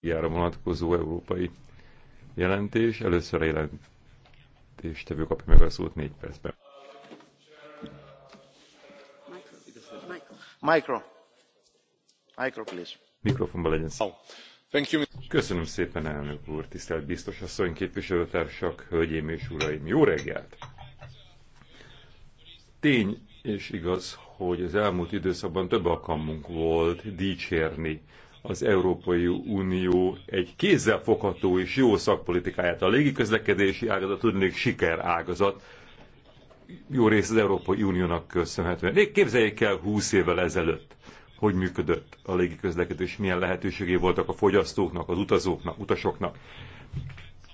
energiára vonatkozó európai jelentés. Először a jelentéstevő kapja meg a szót négy percben. Micro. Micro, please. Mikrofonban legyen szó. Oh, thank you. Köszönöm szépen, elnök úr, tisztelt biztos asszony, képviselőtársak, hölgyém és uraim. Jó reggelt! Tény és igaz, hogy az elmúlt időszakban több alkalmunk volt dicsérni az Európai Unió egy kézzelfogható és jó szakpolitikáját. A légiközlekedési ágazat tudnék siker ágazat, jó rész az Európai Uniónak köszönhetően. Még képzeljék el 20 évvel ezelőtt, hogy működött a légiközlekedés, milyen lehetőségé voltak a fogyasztóknak, az utazóknak, utasoknak.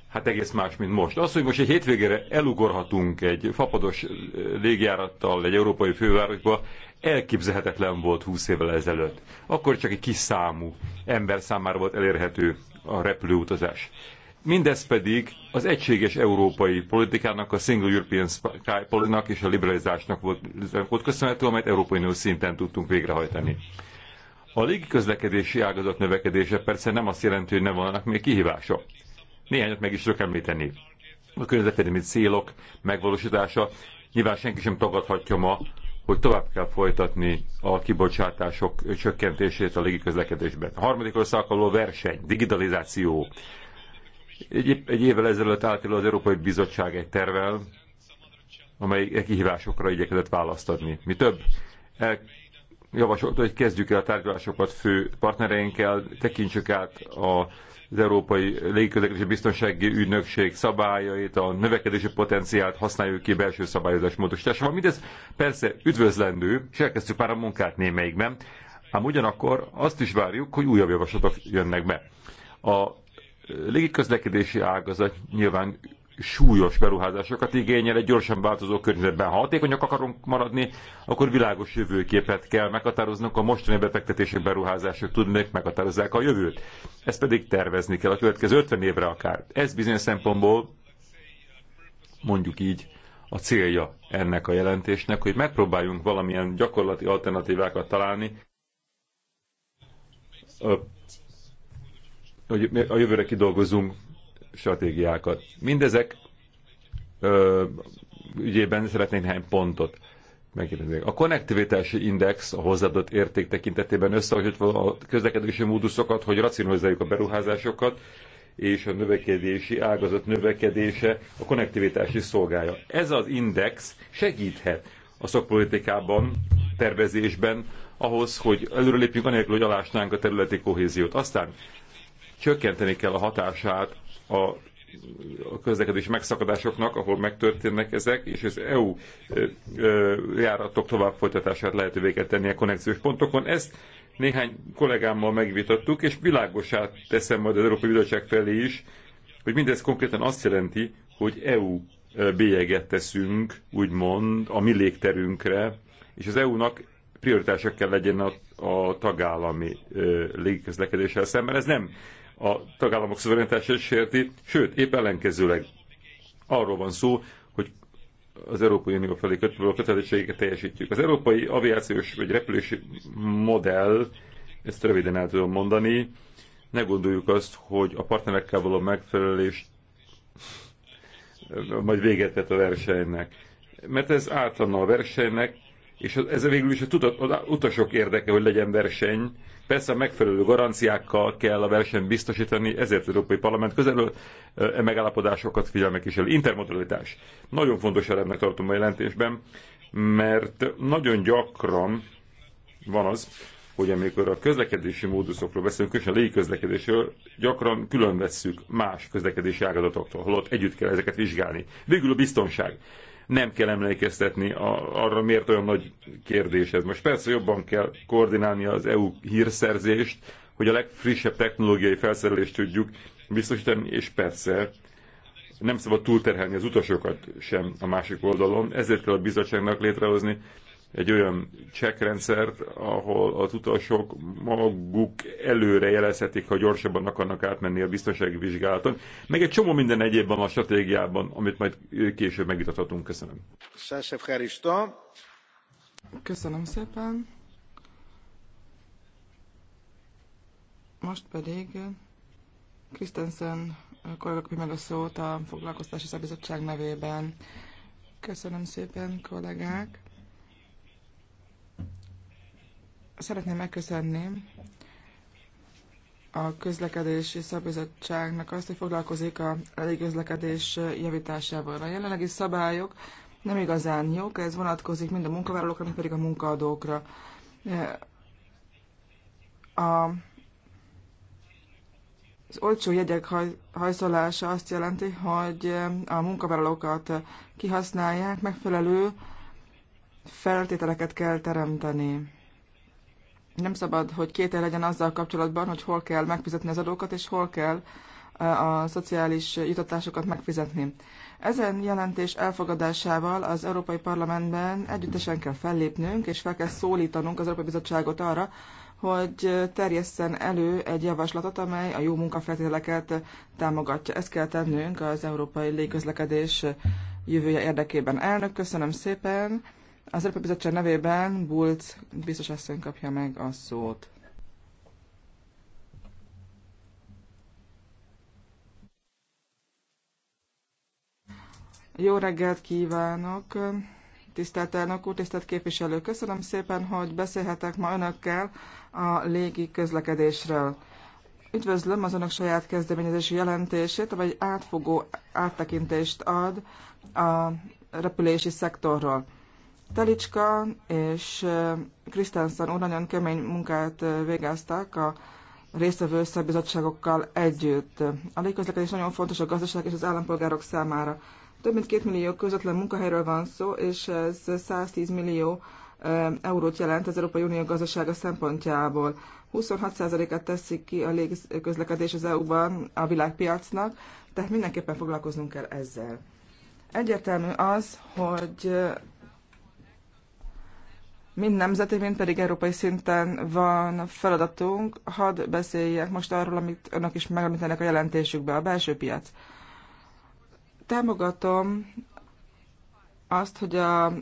Hát egész más, mint most. Az, hogy most egy hétvégére elugorhatunk egy fapados légjárattal egy európai fővárosba, elképzelhetetlen volt 20 évvel ezelőtt. Akkor csak egy kis számú ember számára volt elérhető a repülőutazás. Mindez pedig az egységes európai politikának, a Single European Sky nak és a liberalizásnak volt, volt köszönhető, amelyet Európai Unió szinten tudtunk végrehajtani. A légiközlekedési ágazat növekedése persze nem azt jelenti, hogy ne vannak még kihívások. Néhányat meg is tudok említeni. A környezetvédelmi célok megvalósítása nyilván senki sem tagadhatja ma, hogy tovább kell folytatni a kibocsátások csökkentését a légiközlekedésben. A harmadik országkaló verseny, digitalizáció. Egy, egy évvel ezelőtt állt az Európai Bizottság egy tervel, amely e kihívásokra igyekezett választ adni. Mi több, el, javasolta, hogy kezdjük el a tárgyalásokat fő partnereinkkel, tekintsük át a az Európai Légiközlekedési Biztonsági Ügynökség szabályait, a növekedési potenciált használjuk ki belső szabályozás módosításával. Mindez persze üdvözlendő, és elkezdtük már a munkát némelyikben, ám ugyanakkor azt is várjuk, hogy újabb javaslatok jönnek be. A légiközlekedési ágazat nyilván súlyos beruházásokat igényel egy gyorsan változó környezetben. Ha hatékonyak akarunk maradni, akkor világos jövőképet kell meghatároznunk, a mostani befektetések, beruházások tudnék meghatározzák a jövőt. Ezt pedig tervezni kell a következő 50 évre akár. Ez bizonyos szempontból, mondjuk így, a célja ennek a jelentésnek, hogy megpróbáljunk valamilyen gyakorlati alternatívákat találni, hogy a jövőre kidolgozunk stratégiákat. Mindezek ö, ügyében szeretnék néhány pontot megkérdezni. A konnektivitási index a hozzáadott érték tekintetében összehasonlítva a közlekedési móduszokat, hogy racionalizáljuk a beruházásokat, és a növekedési ágazat növekedése a konnektivitási szolgálja. Ez az index segíthet a szakpolitikában, tervezésben ahhoz, hogy előrelépjünk anélkül, hogy alásnánk a területi kohéziót. Aztán csökkenteni kell a hatását a a közlekedési megszakadásoknak, ahol megtörténnek ezek, és az EU járatok tovább folytatását lehetővé kell tenni a konnekciós pontokon. Ezt néhány kollégámmal megvitattuk, és világosá teszem majd az Európai Bizottság felé is, hogy mindez konkrétan azt jelenti, hogy EU bélyeget teszünk, úgymond, a mi légterünkre, és az EU-nak prioritások kell legyen a, a tagállami légközlekedéssel szemben. Ez nem a tagállamok szuverenitását sérti, sőt, épp ellenkezőleg arról van szó, hogy az Európai Unió felé kötve a kötelezettségeket teljesítjük. Az európai aviációs vagy repülési modell, ezt röviden el tudom mondani, ne gondoljuk azt, hogy a partnerekkel való megfelelés majd véget vet a versenynek. Mert ez ártana a versenynek, és ez végül is a, tudat, utasok érdeke, hogy legyen verseny. Persze a megfelelő garanciákkal kell a versenyt biztosítani, ezért az Európai Parlament közelről e megállapodásokat figyelme kísérli. Intermodalitás. Nagyon fontos elemnek tartom a jelentésben, mert nagyon gyakran van az, hogy amikor a közlekedési móduszokról beszélünk, különösen a légiközlekedésről, gyakran külön vesszük más közlekedési ágazatoktól, holott együtt kell ezeket vizsgálni. Végül a biztonság nem kell emlékeztetni a, arra, miért olyan nagy kérdés ez. Most persze jobban kell koordinálni az EU hírszerzést, hogy a legfrissebb technológiai felszerelést tudjuk biztosítani, és persze nem szabad túlterhelni az utasokat sem a másik oldalon, ezért kell a bizottságnak létrehozni egy olyan csekkrendszert, ahol az utasok maguk előre jelezhetik, ha gyorsabban akarnak átmenni a biztonsági vizsgálaton, meg egy csomó minden egyéb van a stratégiában, amit majd később megvitathatunk. Köszönöm. Köszönöm szépen. Most pedig Krisztensen kollega kapja meg a szót a foglalkoztási szabizottság nevében. Köszönöm szépen, kollégák! Szeretném megköszönni a közlekedési szabizottságnak azt, hogy foglalkozik a légiközlekedés javításával. A jelenlegi szabályok nem igazán jók, ez vonatkozik mind a munkavállalókra, mind pedig a munkaadókra. A az olcsó jegyek hajszolása azt jelenti, hogy a munkavállalókat kihasználják, megfelelő feltételeket kell teremteni nem szabad, hogy kétel legyen azzal kapcsolatban, hogy hol kell megfizetni az adókat, és hol kell a szociális jutatásokat megfizetni. Ezen jelentés elfogadásával az Európai Parlamentben együttesen kell fellépnünk, és fel kell szólítanunk az Európai Bizottságot arra, hogy terjesszen elő egy javaslatot, amely a jó munkafeltételeket támogatja. Ezt kell tennünk az európai légközlekedés jövője érdekében. Elnök, köszönöm szépen! Az Európai Bizottság nevében Bulc biztos asszony kapja meg a szót. Jó reggelt kívánok! Tisztelt elnök úr, tisztelt képviselő! Köszönöm szépen, hogy beszélhetek ma önökkel a légi közlekedésről. Üdvözlöm az önök saját kezdeményezési jelentését, amely átfogó áttekintést ad a repülési szektorról. Telicska és Kristensen úr nagyon kemény munkát végeztek a résztvevő összebizottságokkal együtt. A légközlekedés nagyon fontos a gazdaság és az állampolgárok számára. Több mint két millió közvetlen munkahelyről van szó, és ez 110 millió eurót jelent az Európai Unió gazdasága szempontjából. 26%-át teszik ki a légközlekedés az EU-ban a világpiacnak, tehát mindenképpen foglalkoznunk kell ezzel. Egyértelmű az, hogy mind nemzeti, mind pedig európai szinten van feladatunk. Hadd beszéljek most arról, amit önök is megemlítenek a jelentésükbe, a belső piac. Támogatom azt, hogy a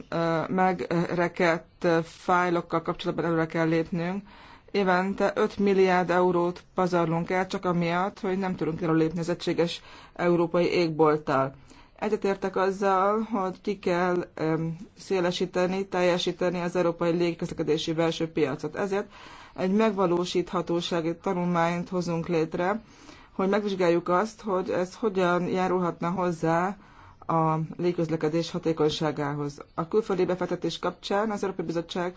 megrekedt fájlokkal kapcsolatban előre kell lépnünk. Évente 5 milliárd eurót pazarlunk el, csak amiatt, hogy nem tudunk előlépni az egységes európai égbolttal. Egyetértek azzal, hogy ki kell um, szélesíteni, teljesíteni az európai légközlekedési belső piacot. Ezért egy megvalósíthatósági tanulmányt hozunk létre, hogy megvizsgáljuk azt, hogy ez hogyan járulhatna hozzá a légközlekedés hatékonyságához. A külföldi befektetés kapcsán az Európai Bizottság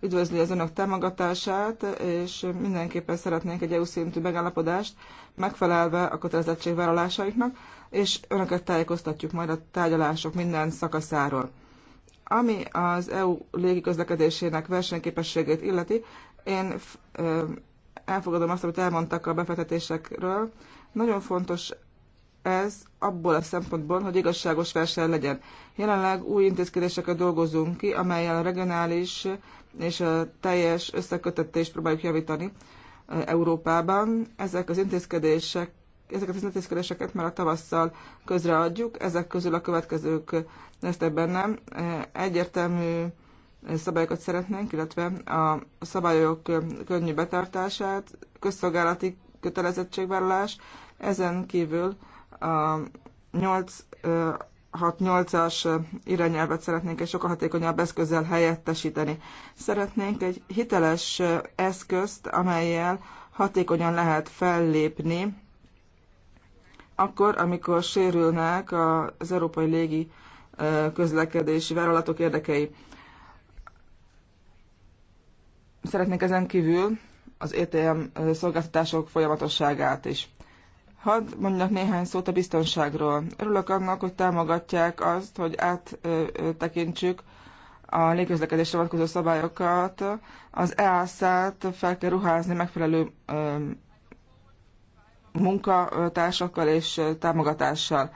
üdvözli az önök támogatását, és mindenképpen szeretnénk egy EU szintű megállapodást, megfelelve a kötelezettségvállalásainknak, és önöket tájékoztatjuk majd a tárgyalások minden szakaszáról. Ami az EU légiközlekedésének versenyképességét illeti, én elfogadom azt, amit elmondtak a befektetésekről. Nagyon fontos ez abból a szempontból, hogy igazságos verseny legyen. Jelenleg új intézkedéseket dolgozunk ki, amelyel a regionális és a teljes összekötetést próbáljuk javítani Európában. Ezek az intézkedések ezeket az intézkedéseket már a tavasszal közreadjuk, ezek közül a következők lesznek benne. Egyértelmű szabályokat szeretnénk, illetve a szabályok könnyű betartását, közszolgálati kötelezettségvállalás, ezen kívül a 8-6-8-as irányelvet szeretnénk egy sokkal hatékonyabb eszközzel helyettesíteni. Szeretnénk egy hiteles eszközt, amelyel hatékonyan lehet fellépni akkor, amikor sérülnek az európai légi közlekedési vállalatok érdekei. Szeretnék ezen kívül az ETM szolgáltatások folyamatosságát is. Hadd mondjak néhány szót a biztonságról. Örülök annak, hogy támogatják azt, hogy áttekintsük a légközlekedésre vonatkozó szabályokat. Az EASZ-t fel kell ruházni megfelelő munkatársakkal és támogatással.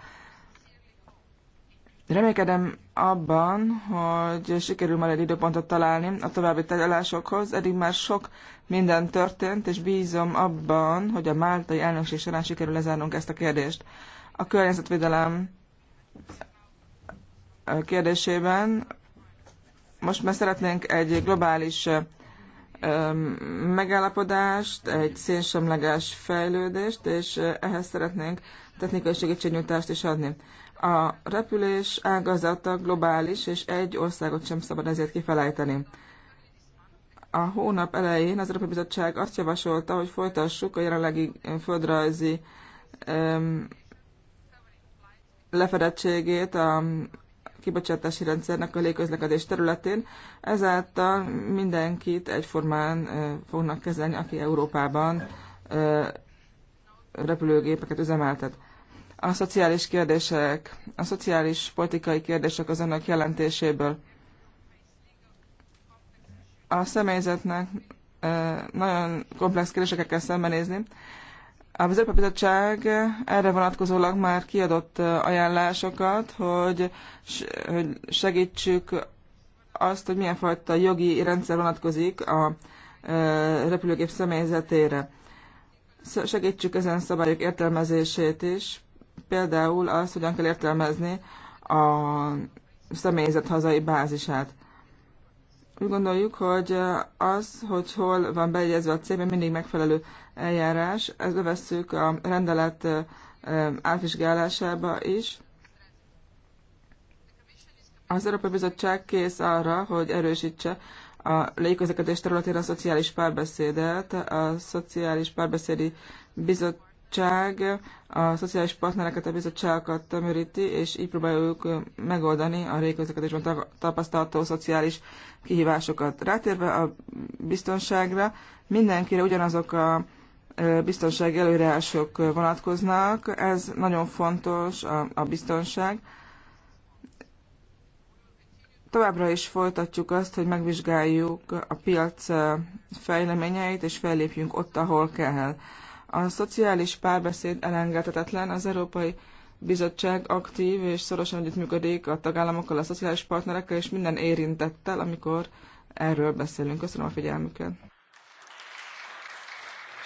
Remélkedem abban, hogy sikerül majd egy időpontot találni a további tárgyalásokhoz. Eddig már sok minden történt, és bízom abban, hogy a máltai elnökség során sikerül lezárnunk ezt a kérdést. A környezetvédelem kérdésében most már szeretnénk egy globális megállapodást, egy szénsemleges fejlődést, és ehhez szeretnénk technikai segítségnyújtást is adni. A repülés ágazata globális, és egy országot sem szabad ezért kifelejteni. A hónap elején az Európai Bizottság azt javasolta, hogy folytassuk a jelenlegi földrajzi lefedettségét a kibocsátási rendszernek a légközlekedés területén. Ezáltal mindenkit egyformán fognak kezelni, aki Európában repülőgépeket üzemeltet. A szociális kérdések, a szociális politikai kérdések az önök jelentéséből. A személyzetnek nagyon komplex kérdésekkel kell szembenézni, a Európai Bizottság erre vonatkozólag már kiadott ajánlásokat, hogy segítsük azt, hogy milyen fajta jogi rendszer vonatkozik a repülőgép személyzetére. Segítsük ezen szabályok értelmezését is, például azt, hogyan kell értelmezni a személyzet hazai bázisát. Úgy gondoljuk, hogy az, hogy hol van bejegyezve a cél, mindig megfelelő eljárás. ez vesszük a rendelet átvizsgálásába is. Az Európai Bizottság kész arra, hogy erősítse a légközlekedés területén a szociális párbeszédet. A Szociális Párbeszédi Bizottság a szociális partnereket, a bizottságokat tömöríti, és így próbáljuk megoldani a légközlekedésben tapasztalható szociális kihívásokat. Rátérve a biztonságra, mindenkire ugyanazok a biztonsági előírások vonatkoznak. Ez nagyon fontos a, a biztonság. Továbbra is folytatjuk azt, hogy megvizsgáljuk a piac fejleményeit, és fellépjünk ott, ahol kell. A szociális párbeszéd elengedhetetlen, az Európai Bizottság aktív és szorosan együttműködik a tagállamokkal, a szociális partnerekkel és minden érintettel, amikor erről beszélünk. Köszönöm a figyelmüket!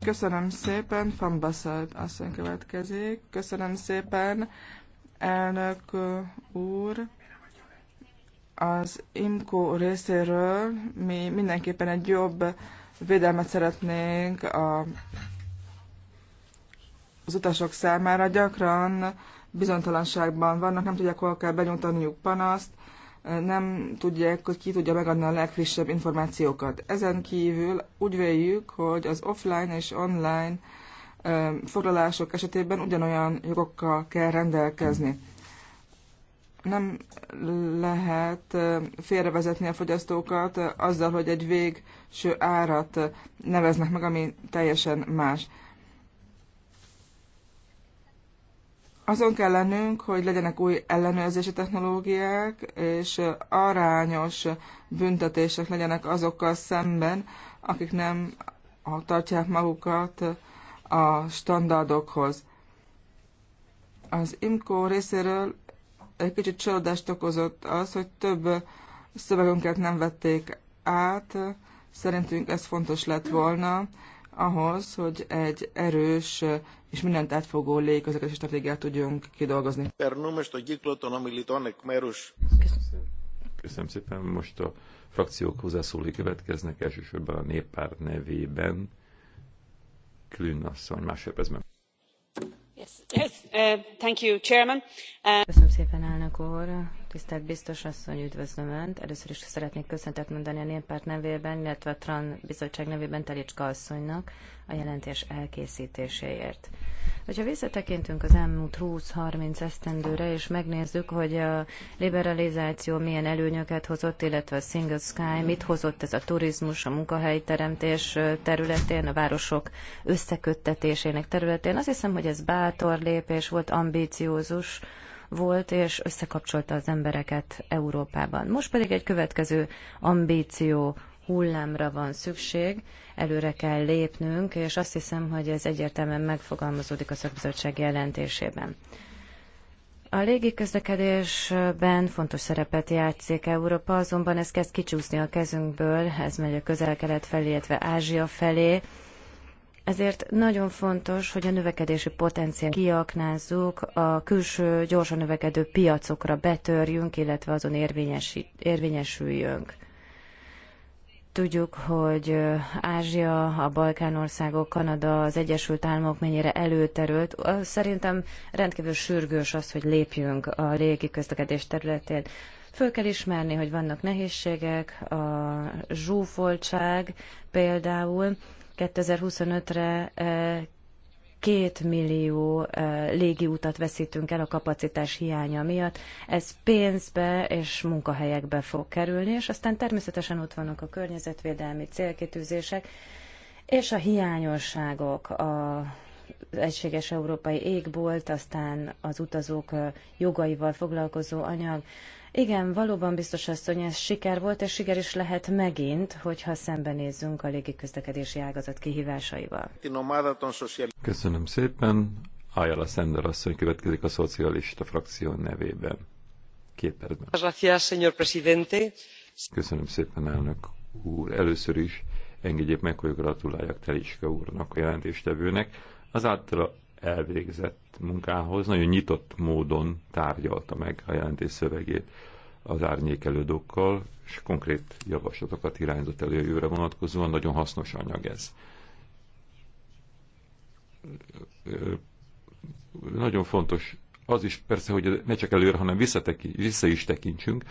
Köszönöm szépen, Van Bassard asszony következik. Köszönöm szépen, elnök úr. Az IMCO részéről mi mindenképpen egy jobb védelmet szeretnénk a, az utasok számára. Gyakran bizonytalanságban vannak, nem tudják, hol kell benyújtaniuk panaszt, nem tudják, hogy ki tudja megadni a legfrissebb információkat. Ezen kívül úgy véljük, hogy az offline és online foglalások esetében ugyanolyan jogokkal kell rendelkezni. Nem lehet félrevezetni a fogyasztókat azzal, hogy egy végső árat neveznek meg, ami teljesen más. Azon kell lennünk, hogy legyenek új ellenőrzési technológiák, és arányos büntetések legyenek azokkal szemben, akik nem tartják magukat a standardokhoz. Az IMCO részéről egy kicsit csalódást okozott az, hogy több szövegünket nem vették át. Szerintünk ez fontos lett volna, ahhoz, hogy egy erős és mindent átfogó légközlekedési stratégiát tudjunk kidolgozni. Köszönöm. Köszönöm szépen. Most a frakciók hozzászólói következnek elsősorban a néppárt nevében. Klün asszony, másodpercben. Yes, yes, uh, thank you, Chairman. Uh... Köszönöm szépen, elnök úr tisztelt biztos asszony, üdvözlöm Önt. Először is szeretnék köszöntet mondani a Néppárt nevében, illetve a TRAN bizottság nevében Telicska asszonynak a jelentés elkészítéséért. Hogyha visszatekintünk az elmúlt 20-30 esztendőre, és megnézzük, hogy a liberalizáció milyen előnyöket hozott, illetve a Single Sky, mit hozott ez a turizmus, a munkahelyteremtés területén, a városok összeköttetésének területén, azt hiszem, hogy ez bátor lépés volt, ambíciózus, volt, és összekapcsolta az embereket Európában. Most pedig egy következő ambíció hullámra van szükség, előre kell lépnünk, és azt hiszem, hogy ez egyértelműen megfogalmazódik a szakbizottság jelentésében. A légiközlekedésben fontos szerepet játszik Európa, azonban ez kezd kicsúszni a kezünkből, ez megy a közel-kelet felé, illetve Ázsia felé, ezért nagyon fontos, hogy a növekedési potenciál kiaknázzuk, a külső gyorsan növekedő piacokra betörjünk, illetve azon érvényesüljünk. Tudjuk, hogy Ázsia, a Balkánországok, Kanada, az Egyesült Államok mennyire előterült. Szerintem rendkívül sürgős az, hogy lépjünk a régi közlekedés területén. Föl kell ismerni, hogy vannak nehézségek, a zsúfoltság például, 2025-re eh, két millió eh, légiutat veszítünk el a kapacitás hiánya miatt. Ez pénzbe és munkahelyekbe fog kerülni, és aztán természetesen ott vannak a környezetvédelmi célkitűzések, és a hiányosságok, a az egységes európai égbolt, aztán az utazók eh, jogaival foglalkozó anyag. Igen, valóban biztos asszony, ez siker volt, és siker is lehet megint, hogyha szembenézzünk a légiközlekedési ágazat kihívásaival. Köszönöm szépen. Ajala Szender asszony következik a szocialista frakció nevében. Két percben. Köszönöm szépen, elnök úr. Először is engedjék meg, hogy gratuláljak Teliska úrnak, a jelentéstevőnek. Az általa elvégzett munkához. Nagyon nyitott módon tárgyalta meg a jelentés szövegét az árnyékelődókkal, és konkrét javaslatokat irányzott elő jövőre vonatkozóan. Nagyon hasznos anyag ez. Nagyon fontos az is persze, hogy ne csak előre, hanem vissza is tekintsünk,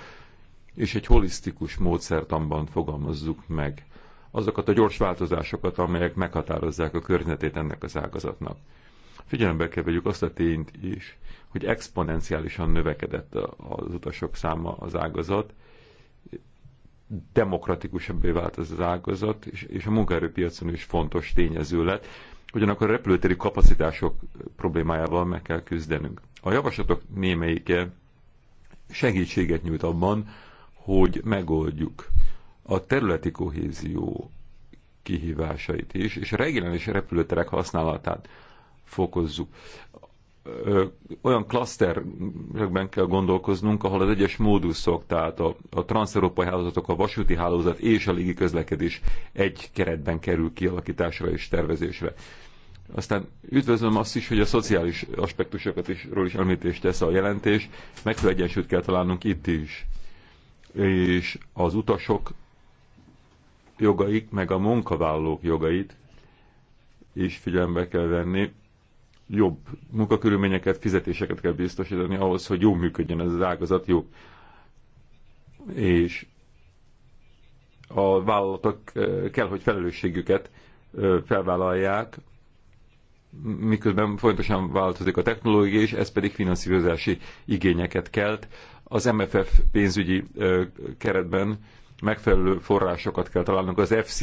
és egy holisztikus módszertanban fogalmazzuk meg azokat a gyors változásokat, amelyek meghatározzák a környezetét ennek az ágazatnak. Figyelembe kell vegyük azt a tényt is, hogy exponenciálisan növekedett az utasok száma az ágazat, demokratikusabbé vált ez az ágazat, és, és a munkaerőpiacon is fontos tényező lett. Ugyanakkor a repülőtéri kapacitások problémájával meg kell küzdenünk. A javaslatok némelyike segítséget nyújt abban, hogy megoldjuk a területi kohézió kihívásait is, és a regionális repülőterek használatát fokozzuk. Olyan klaszterben kell gondolkoznunk, ahol az egyes móduszok, tehát a, a transzeurópai hálózatok, a vasúti hálózat és a légi közlekedés egy keretben kerül kialakításra és tervezésre. Aztán üdvözlöm azt is, hogy a szociális aspektusokat is, ról is említést tesz a jelentés. Megfelelő egyensúlyt kell találnunk itt is. És az utasok jogaik, meg a munkavállalók jogait is figyelembe kell venni, jobb munkakörülményeket, fizetéseket kell biztosítani ahhoz, hogy jó működjön ez az ágazat, jó. És a vállalatok eh, kell, hogy felelősségüket eh, felvállalják, miközben fontosan változik a technológia, és ez pedig finanszírozási igényeket kelt. Az MFF pénzügyi eh, keretben megfelelő forrásokat kell találnunk az FC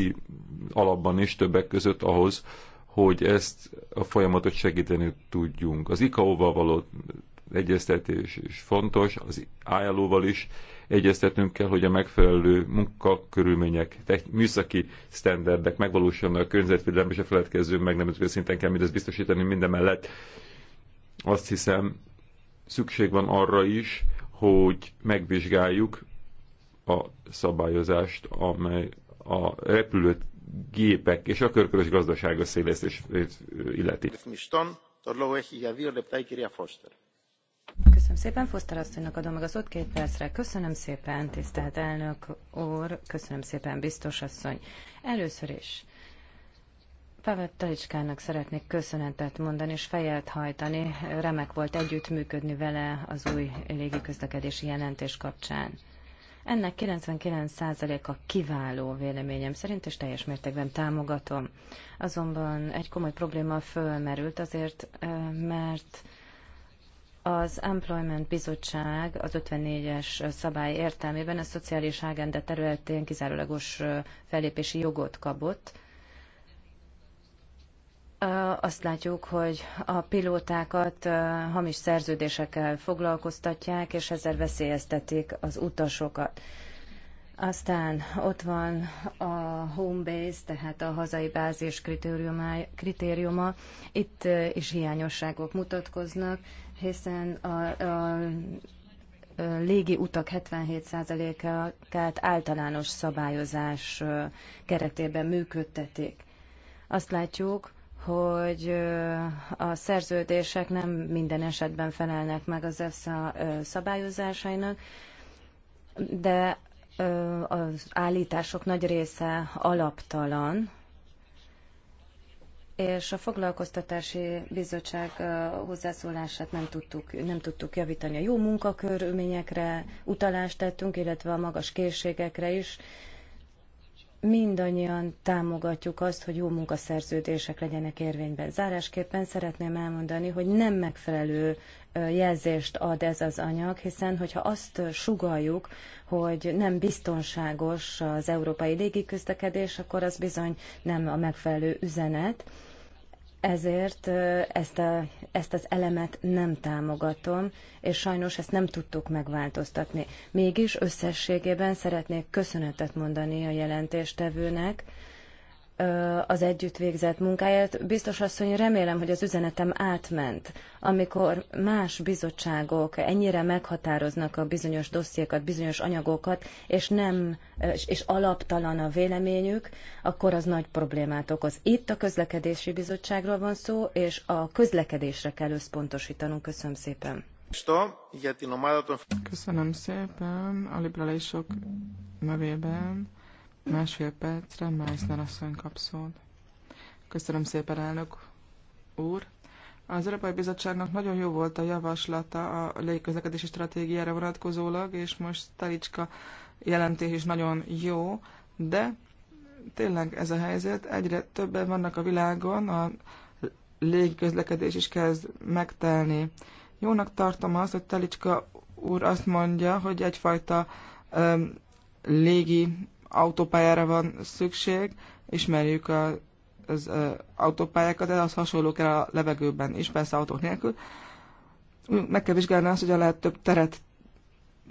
alapban is többek között ahhoz, hogy ezt a folyamatot segíteni tudjunk. Az ICAO-val való egyeztetés is fontos, az ILO-val is egyeztetnünk kell, hogy a megfelelő munkakörülmények, műszaki sztenderdek megvalósulnak, a környezetvédelem és a feledkező meg nemzetközi szinten kell mindezt biztosítani mindemellett. Azt hiszem, szükség van arra is, hogy megvizsgáljuk a szabályozást, amely a repülőt gépek és a körkörös gazdaság összeélesztését illeti. Köszönöm szépen, Foster asszonynak adom meg az ott két percre. Köszönöm szépen, tisztelt elnök úr, köszönöm szépen, biztos asszony. Először is Pavel Talicskának szeretnék köszönetet mondani és fejet hajtani. Remek volt együttműködni vele az új légiközlekedési jelentés kapcsán. Ennek 99%-a kiváló véleményem szerint, és teljes mértékben támogatom. Azonban egy komoly probléma fölmerült azért, eh, mert az Employment Bizottság az 54-es szabály értelmében a szociális ágenda területén kizárólagos eh, fellépési jogot kapott, azt látjuk, hogy a pilótákat hamis szerződésekkel foglalkoztatják, és ezzel veszélyeztetik az utasokat. Aztán ott van a home base, tehát a hazai bázis kritériuma. Itt is hiányosságok mutatkoznak, hiszen a, a légi utak 77%-át általános szabályozás keretében működtetik. Azt látjuk, hogy a szerződések nem minden esetben felelnek meg az EFSA szabályozásainak, de az állítások nagy része alaptalan, és a foglalkoztatási bizottság hozzászólását nem tudtuk, nem tudtuk javítani. A jó munkakörülményekre utalást tettünk, illetve a magas készségekre is, mindannyian támogatjuk azt, hogy jó munkaszerződések legyenek érvényben. Zárásképpen szeretném elmondani, hogy nem megfelelő jelzést ad ez az anyag, hiszen hogyha azt sugaljuk, hogy nem biztonságos az európai légiközlekedés, akkor az bizony nem a megfelelő üzenet ezért ezt, a, ezt az elemet nem támogatom, és sajnos ezt nem tudtuk megváltoztatni. Mégis összességében szeretnék köszönetet mondani a jelentéstevőnek, az együtt végzett munkáját. Biztos asszony, remélem, hogy az üzenetem átment. Amikor más bizottságok ennyire meghatároznak a bizonyos dossziékat, bizonyos anyagokat, és nem, és alaptalan a véleményük, akkor az nagy problémát okoz. Itt a közlekedési bizottságról van szó, és a közlekedésre kell összpontosítanunk. Köszönöm szépen. Köszönöm szépen a liberálisok nevében. Másfél percre Meissner asszony kap szót. Köszönöm szépen, elnök úr. Az Európai Bizottságnak nagyon jó volt a javaslata a légközlekedési stratégiára vonatkozólag, és most Talicska jelentés is nagyon jó, de tényleg ez a helyzet. Egyre többen vannak a világon, a légközlekedés is kezd megtelni. Jónak tartom azt, hogy Talicska úr azt mondja, hogy egyfajta um, légi autópályára van szükség, ismerjük a, az a, autópályákat, de az hasonló kell a levegőben is, persze autók nélkül. Meg kell vizsgálni azt, hogy lehet több teret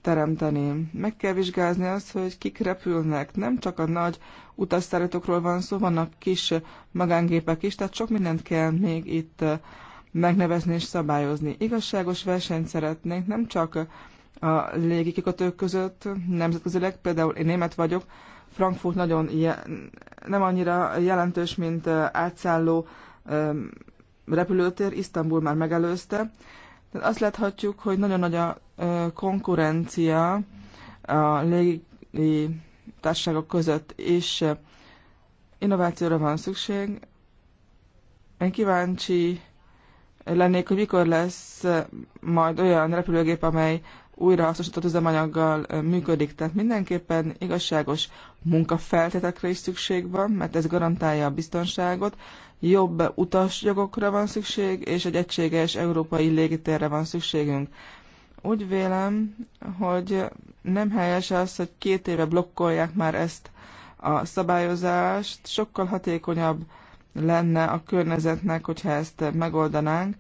teremteni. Meg kell vizsgálni azt, hogy kik repülnek. Nem csak a nagy utasszállítókról van szó, vannak kis magángépek is, tehát sok mindent kell még itt megnevezni és szabályozni. Igazságos versenyt szeretnénk, nem csak a légi kikötők között nemzetközileg. Például én német vagyok, Frankfurt nagyon je- nem annyira jelentős, mint átszálló repülőtér, Isztambul már megelőzte. Tehát azt láthatjuk, hogy nagyon nagy a konkurencia a légi társaságok között, és innovációra van szükség. Én kíváncsi lennék, hogy mikor lesz majd olyan repülőgép, amely újrahasznosított üzemanyaggal működik, tehát mindenképpen igazságos munkafeltételekre is szükség van, mert ez garantálja a biztonságot, jobb utasjogokra van szükség, és egy egységes európai légitérre van szükségünk. Úgy vélem, hogy nem helyes az, hogy két éve blokkolják már ezt a szabályozást, sokkal hatékonyabb lenne a környezetnek, hogyha ezt megoldanánk,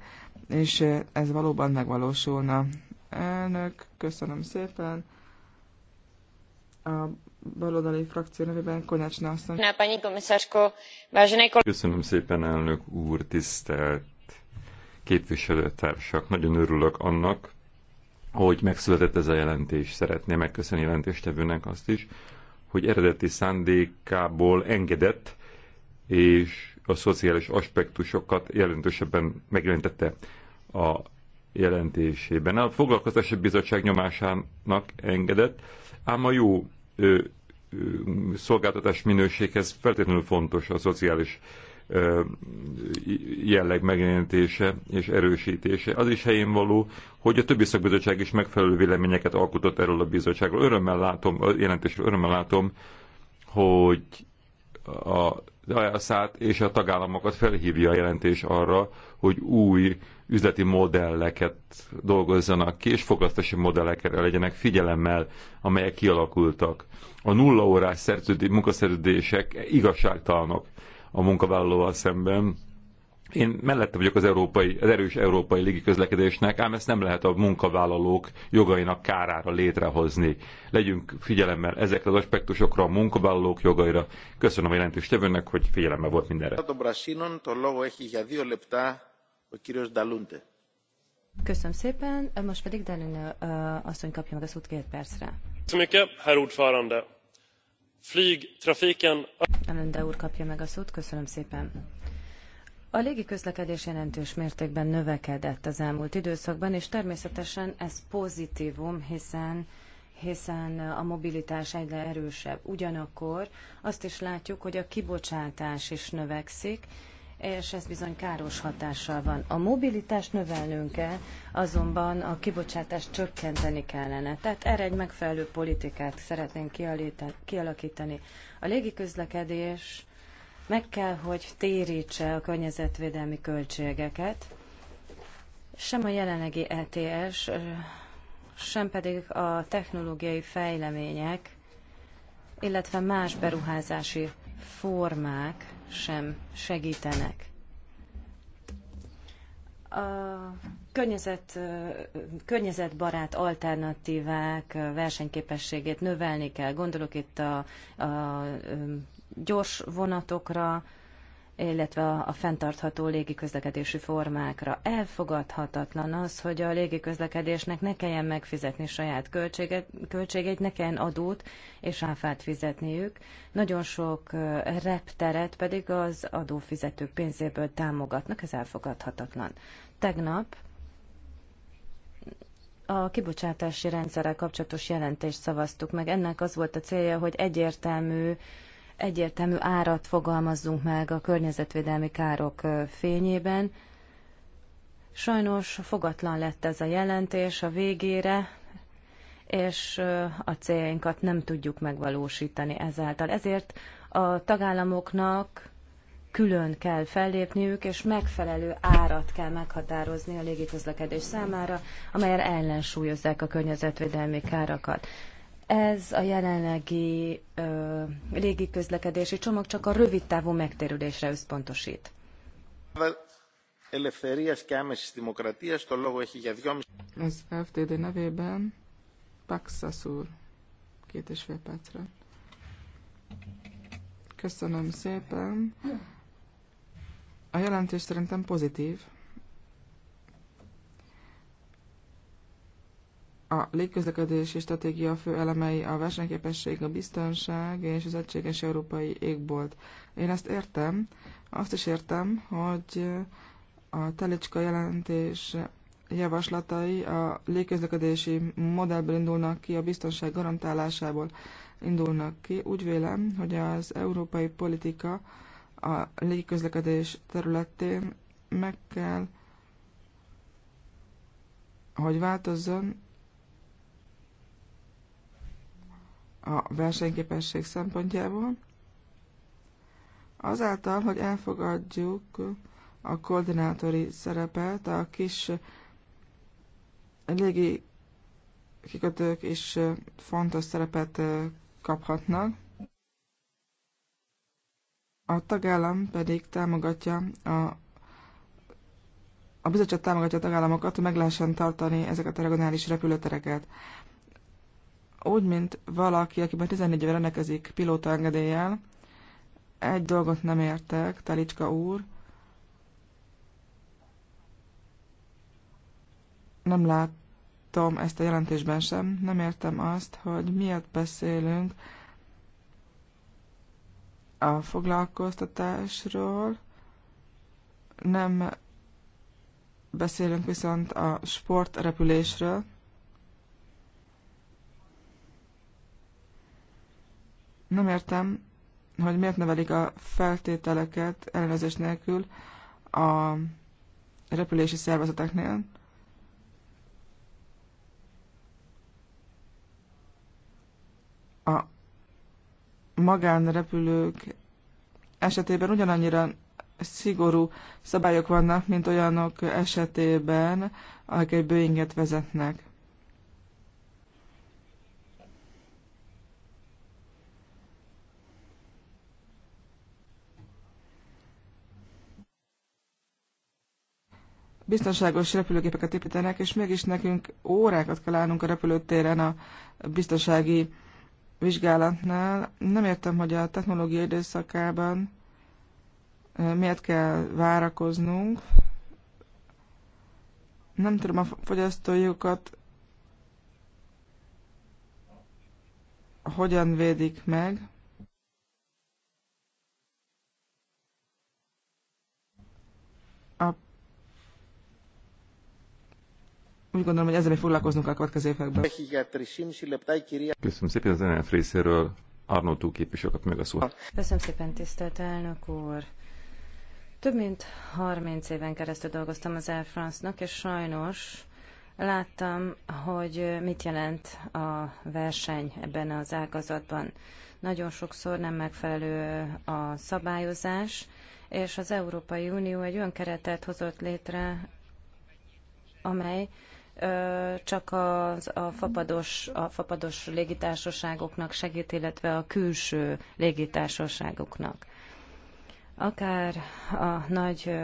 és ez valóban megvalósulna elnök, köszönöm szépen. A baloldali frakció nevében Konácsna asszony. Köszönöm szépen, elnök úr, tisztelt képviselőtársak. Nagyon örülök annak, hogy megszületett ez a jelentés. Szeretném megköszönni jelentéstevőnek azt is, hogy eredeti szándékából engedett, és a szociális aspektusokat jelentősebben megjelentette a jelentésében. A foglalkoztatási bizottság nyomásának engedett, ám a jó ö, ö, szolgáltatás minőséghez feltétlenül fontos a szociális ö, jelleg megjelenítése és erősítése. Az is helyén való, hogy a többi szakbizottság is megfelelő véleményeket alkotott erről a bizottságról. Örömmel látom, jelentésről örömmel látom, hogy a easz és a tagállamokat felhívja a jelentés arra, hogy új üzleti modelleket dolgozzanak ki, és foglalkozási modellekre legyenek figyelemmel, amelyek kialakultak. A nulla órás munkaszerződések igazságtalanok a munkavállalóval szemben, én mellette vagyok az, európai, az erős európai közlekedésnek, ám ezt nem lehet a munkavállalók jogainak kárára létrehozni. Legyünk figyelemmel ezekre az aspektusokra, a munkavállalók jogaira. Köszönöm a jelentős tevőnek, hogy figyelemmel volt mindenre. Köszönöm szépen, most pedig Dalunde uh, asszony kapja meg a szót két percre. Köszönöm, Flyg, trafiken... úr kapja meg a szót, köszönöm szépen a közlekedés jelentős mértékben növekedett az elmúlt időszakban, és természetesen ez pozitívum, hiszen hiszen a mobilitás egyre erősebb. Ugyanakkor azt is látjuk, hogy a kibocsátás is növekszik, és ez bizony káros hatással van. A mobilitás növelnünk kell, azonban a kibocsátást csökkenteni kellene. Tehát erre egy megfelelő politikát szeretnénk kialakítani. A légiközlekedés meg kell, hogy térítse a környezetvédelmi költségeket, sem a jelenlegi ETS, sem pedig a technológiai fejlemények, illetve más beruházási formák sem segítenek. A környezet, környezetbarát alternatívák versenyképességét növelni kell. Gondolok itt a, a gyors vonatokra, illetve a, a fenntartható légiközlekedési formákra. Elfogadhatatlan az, hogy a légiközlekedésnek ne kelljen megfizetni saját költséget, költségeit, ne kelljen adót és áfát fizetniük. Nagyon sok repteret pedig az adófizetők pénzéből támogatnak, ez elfogadhatatlan. Tegnap a kibocsátási rendszerrel kapcsolatos jelentést szavaztuk meg. Ennek az volt a célja, hogy egyértelmű egyértelmű árat fogalmazzunk meg a környezetvédelmi károk fényében. Sajnos fogatlan lett ez a jelentés a végére, és a céljainkat nem tudjuk megvalósítani ezáltal. Ezért a tagállamoknak külön kell fellépniük, és megfelelő árat kell meghatározni a légiközlekedés számára, amelyen ellensúlyozzák a környezetvédelmi károkat. Ez a jelenlegi ö, légiközlekedési csomag csak a rövid távú megtérülésre összpontosít. Az FTD nevében Paxas úr, két és fél percre. Köszönöm szépen. A jelentés szerintem pozitív. a légközlekedési stratégia fő elemei a versenyképesség, a biztonság és az egységes európai égbolt. Én ezt értem, azt is értem, hogy a telicska jelentés javaslatai a légközlekedési modellből indulnak ki, a biztonság garantálásából indulnak ki. Úgy vélem, hogy az európai politika a légiközlekedés területén meg kell, hogy változzon, a versenyképesség szempontjából. Azáltal, hogy elfogadjuk a koordinátori szerepet, a kis légi kikötők is fontos szerepet kaphatnak. A tagállam pedig támogatja a a bizottság támogatja a tagállamokat, hogy meg lehessen tartani ezeket a regionális repülőtereket úgy, mint valaki, aki már 14 éve rendelkezik engedéllyel, egy dolgot nem értek, Talicska úr, nem látom ezt a jelentésben sem, nem értem azt, hogy miért beszélünk a foglalkoztatásról, nem beszélünk viszont a sportrepülésről, Nem értem, hogy miért nevelik a feltételeket ellenőrzés nélkül a repülési szervezeteknél. A magánrepülők esetében ugyanannyira szigorú szabályok vannak, mint olyanok esetében, akik egy Boeinget vezetnek. biztonságos repülőgépeket építenek, és mégis nekünk órákat kell állnunk a repülőtéren a biztonsági vizsgálatnál. Nem értem, hogy a technológia időszakában miért kell várakoznunk. Nem tudom a fogyasztójukat hogyan védik meg. úgy gondolom, hogy ezzel még foglalkoznunk a következő években. Köszönöm szépen az NF részéről. Arnó Túl képviselőket meg a szó. Köszönöm szépen, tisztelt elnök úr. Több mint 30 éven keresztül dolgoztam az Air France-nak, és sajnos láttam, hogy mit jelent a verseny ebben az ágazatban. Nagyon sokszor nem megfelelő a szabályozás, és az Európai Unió egy olyan keretet hozott létre, amely csak az, a, fapados, a fapados légitársaságoknak segít, illetve a külső légitársaságoknak. Akár a nagy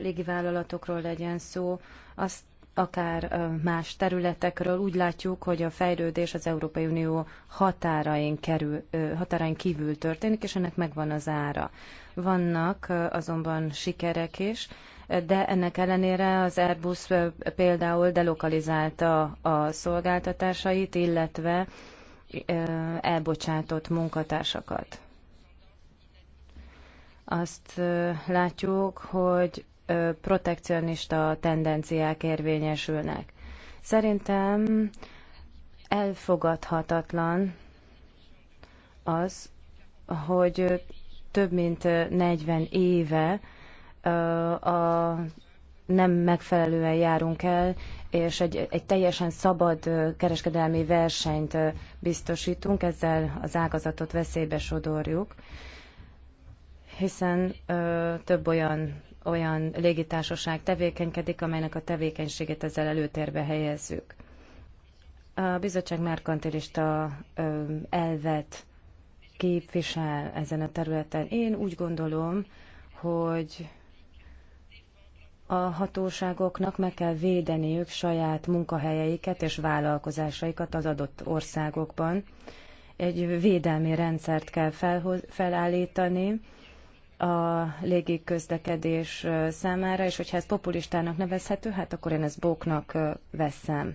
légivállalatokról legyen szó, azt akár más területekről úgy látjuk, hogy a fejlődés az Európai Unió határain, kerül, határain kívül történik, és ennek megvan az ára. Vannak azonban sikerek is, de ennek ellenére az Airbus például delokalizálta a szolgáltatásait, illetve elbocsátott munkatársakat. Azt látjuk, hogy protekcionista tendenciák érvényesülnek. Szerintem elfogadhatatlan az, hogy több mint 40 éve a nem megfelelően járunk el, és egy, egy teljesen szabad kereskedelmi versenyt biztosítunk, ezzel az ágazatot veszélybe sodorjuk, hiszen ö, több olyan, olyan légitársaság tevékenykedik, amelynek a tevékenységét ezzel előtérbe helyezzük. A bizottság merkantilista ö, elvet képvisel ezen a területen. Én úgy gondolom, hogy a hatóságoknak meg kell védeniük saját munkahelyeiket és vállalkozásaikat az adott országokban. Egy védelmi rendszert kell felhoz, felállítani a légiközlekedés számára, és hogyha ez populistának nevezhető, hát akkor én ezt bóknak veszem.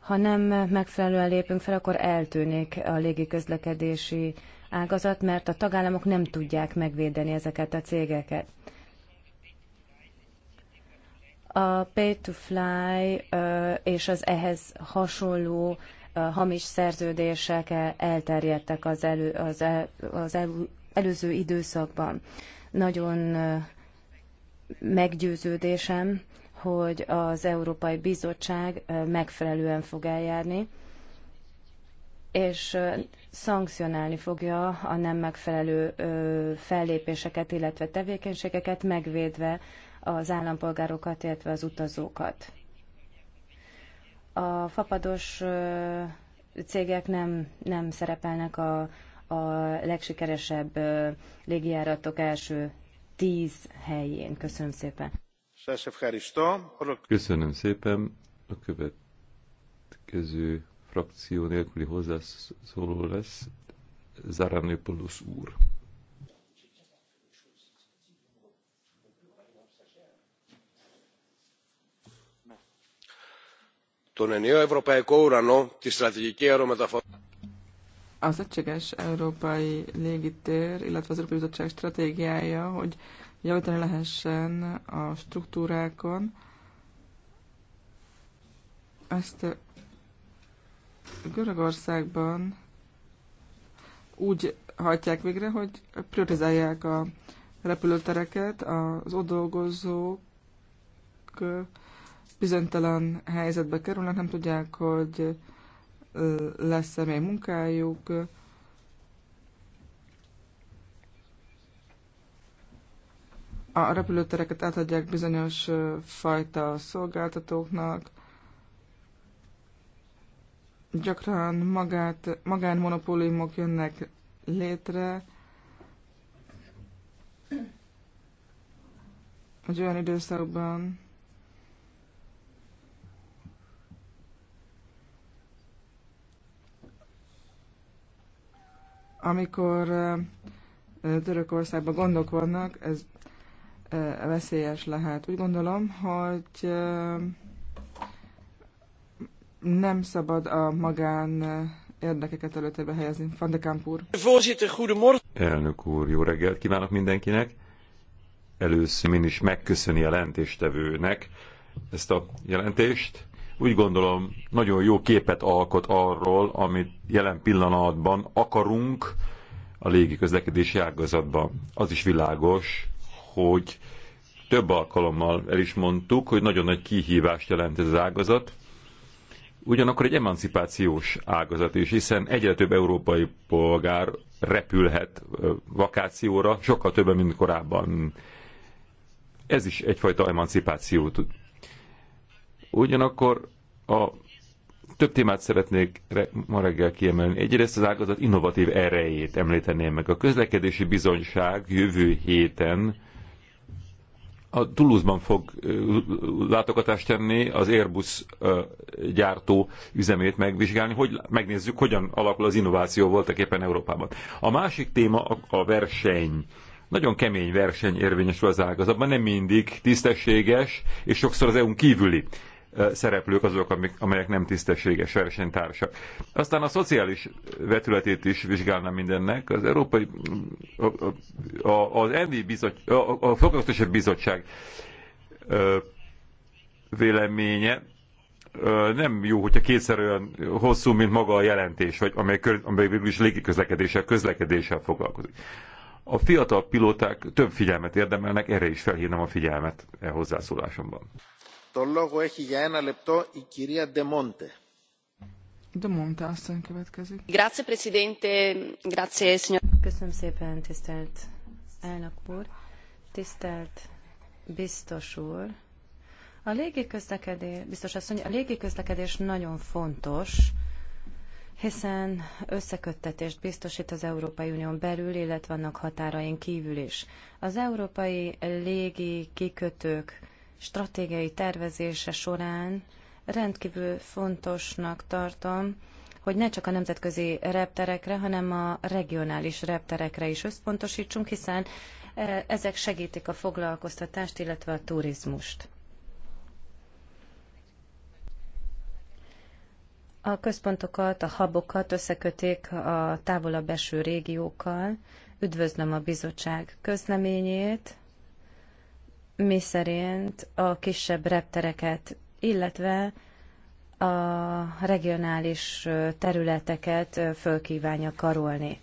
Ha nem megfelelően lépünk fel, akkor eltűnik a légiközlekedési ágazat, mert a tagállamok nem tudják megvédeni ezeket a cégeket a pay to fly és az ehhez hasonló hamis szerződések e, elterjedtek az, elő, az, el, az el, előző időszakban. Nagyon meggyőződésem, hogy az Európai Bizottság megfelelően fog eljárni, és szankcionálni fogja a nem megfelelő fellépéseket, illetve tevékenységeket, megvédve az állampolgárokat, illetve az utazókat. A fapados cégek nem, nem szerepelnek a, a legsikeresebb légijáratok első tíz helyén. Köszönöm szépen. Köszönöm szépen. A következő frakció nélküli hozzászóló lesz Zaranopoulos úr. τον ενιαίο ευρωπαϊκό ουρανό, τη στρατηγική αερομεταφορά. Az egységes európai légitér, illetve az Európai Bizottság stratégiája, hogy javítani lehessen a struktúrákon, ezt Görögországban úgy hajtják végre, hogy prioritizálják a repülőtereket, az ott dolgozók bizonytalan helyzetbe kerülnek, nem tudják, hogy lesz-e még munkájuk. A repülőtereket átadják bizonyos fajta szolgáltatóknak, gyakran magát, magánmonopóliumok jönnek létre, egy olyan időszakban, Amikor Törökországban gondok vannak, ez veszélyes lehet. Úgy gondolom, hogy nem szabad a magán érdekeket előtérbe helyezni. Van de Kamp úr. Elnök úr, jó reggelt kívánok mindenkinek. Először én is megköszöni a jelentéstevőnek ezt a jelentést úgy gondolom nagyon jó képet alkot arról, amit jelen pillanatban akarunk a légi közlekedési ágazatban. Az is világos, hogy több alkalommal el is mondtuk, hogy nagyon nagy kihívást jelent ez az ágazat, ugyanakkor egy emancipációs ágazat is, hiszen egyre több európai polgár repülhet vakációra, sokkal többen, mint korábban. Ez is egyfajta emancipáció Ugyanakkor a több témát szeretnék ma reggel kiemelni. Egyrészt az ágazat innovatív erejét említeném meg. A közlekedési bizonyság jövő héten a Toulouse-ban fog látogatást tenni, az Airbus gyártó üzemét megvizsgálni, hogy megnézzük, hogyan alakul az innováció voltak éppen Európában. A másik téma a verseny. Nagyon kemény verseny érvényesül az ágazatban, nem mindig tisztességes, és sokszor az EU-n kívüli szereplők azok, amik, amelyek nem tisztességes versenytársak. Aztán a szociális vetületét is vizsgálna mindennek. Az Európai, a, a, az ENVI bizottság, a, a Foglalkoztatási Bizottság véleménye nem jó, hogyha kétszer olyan hosszú, mint maga a jelentés, vagy amely, amely végül is légiközlekedéssel, közlekedéssel foglalkozik. A fiatal pilóták több figyelmet érdemelnek, erre is felhívnám a figyelmet e hozzászólásomban. Köszönöm szépen, tisztelt elnök úr, tisztelt biztos úr. A légiközlekedés, biztos asszony, a légiközlekedés nagyon fontos, hiszen összeköttetést biztosít az Európai Unión belül, illetve annak határain kívül is. Az európai légi kikötők stratégiai tervezése során rendkívül fontosnak tartom, hogy ne csak a nemzetközi repterekre, hanem a regionális repterekre is összpontosítsunk, hiszen e, ezek segítik a foglalkoztatást, illetve a turizmust. A központokat, a habokat összekötik a távolabb eső régiókkal. Üdvözlöm a bizottság közleményét, miszerint a kisebb reptereket, illetve a regionális területeket fölkívánja karolni.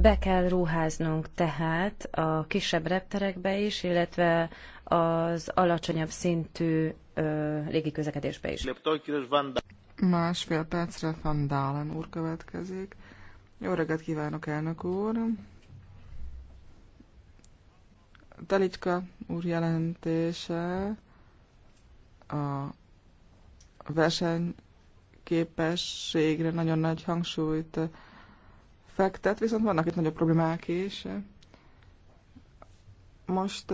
Be kell ruháznunk tehát a kisebb repterekbe is, illetve az alacsonyabb szintű ö, légiközlekedésbe is. Másfél percre Van Dalen úr következik. Jó reggelt kívánok, elnök úr! Telicska úr jelentése a versenyképességre nagyon nagy hangsúlyt fektet, viszont vannak itt nagyobb problémák is. Most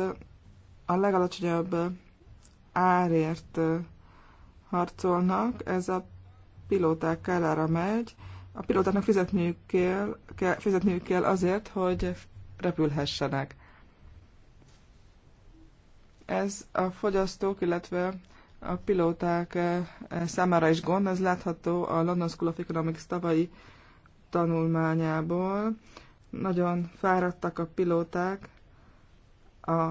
a legalacsonyabb árért harcolnak, ez a pilóták kellára megy. A pilótáknak fizetniük kell, kell, fizetniük kell azért, hogy repülhessenek. Ez a fogyasztók, illetve a pilóták eh, eh, számára is gond, ez látható a London School of Economics tavalyi tanulmányából. Nagyon fáradtak a pilóták, a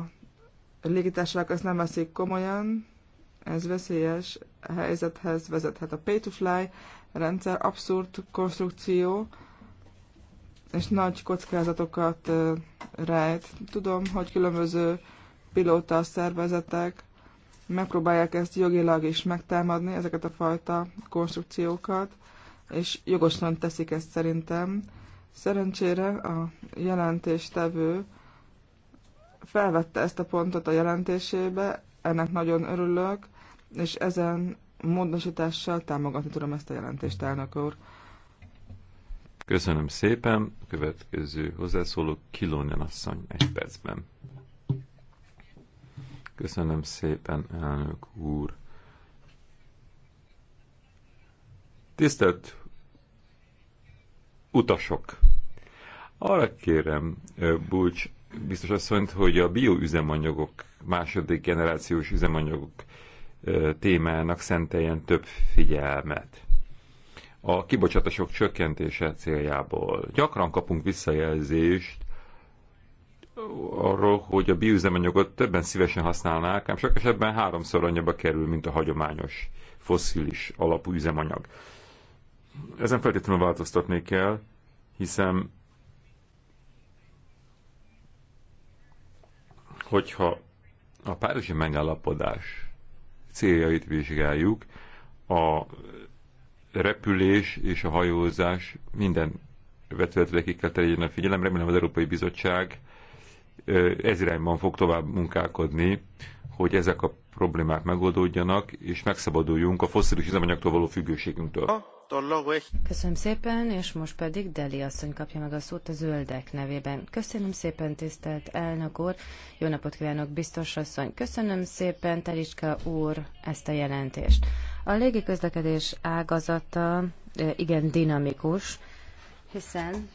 légitársaság ezt nem veszik komolyan, ez veszélyes helyzethez vezethet. A pay-to-fly rendszer abszurd konstrukció, és nagy kockázatokat eh, rejt. Tudom, hogy különböző pilóta szervezetek megpróbálják ezt jogilag is megtámadni, ezeket a fajta konstrukciókat, és jogosan teszik ezt szerintem. Szerencsére a jelentéstevő felvette ezt a pontot a jelentésébe, ennek nagyon örülök, és ezen módosítással támogatni tudom ezt a jelentést, elnök úr. Köszönöm szépen. Következő hozzászóló Kilonen asszony egy percben. Köszönöm szépen, elnök úr. Tisztelt utasok! Arra kérem, Bulcs biztos asszonyt, hogy a bioüzemanyagok, második generációs üzemanyagok témának szenteljen több figyelmet. A kibocsátások csökkentése céljából. Gyakran kapunk visszajelzést arról, hogy a bioüzemanyagot többen szívesen használnák, ám sok esetben háromszor annyiba kerül, mint a hagyományos foszilis alapú üzemanyag. Ezen feltétlenül változtatni kell, hiszen hogyha a párizsi megállapodás céljait vizsgáljuk, a repülés és a hajózás minden vetületre ki kell terjedjen a figyelem. Remélem az Európai Bizottság ez irányban fog tovább munkálkodni, hogy ezek a problémák megoldódjanak, és megszabaduljunk a fosszilis üzemanyagtól való függőségünktől. Köszönöm szépen, és most pedig Deli asszony kapja meg a szót a zöldek nevében. Köszönöm szépen, tisztelt elnök úr, jó napot kívánok, biztos asszony. Köszönöm szépen, Tericska úr, ezt a jelentést. A légiközlekedés ágazata igen dinamikus, hiszen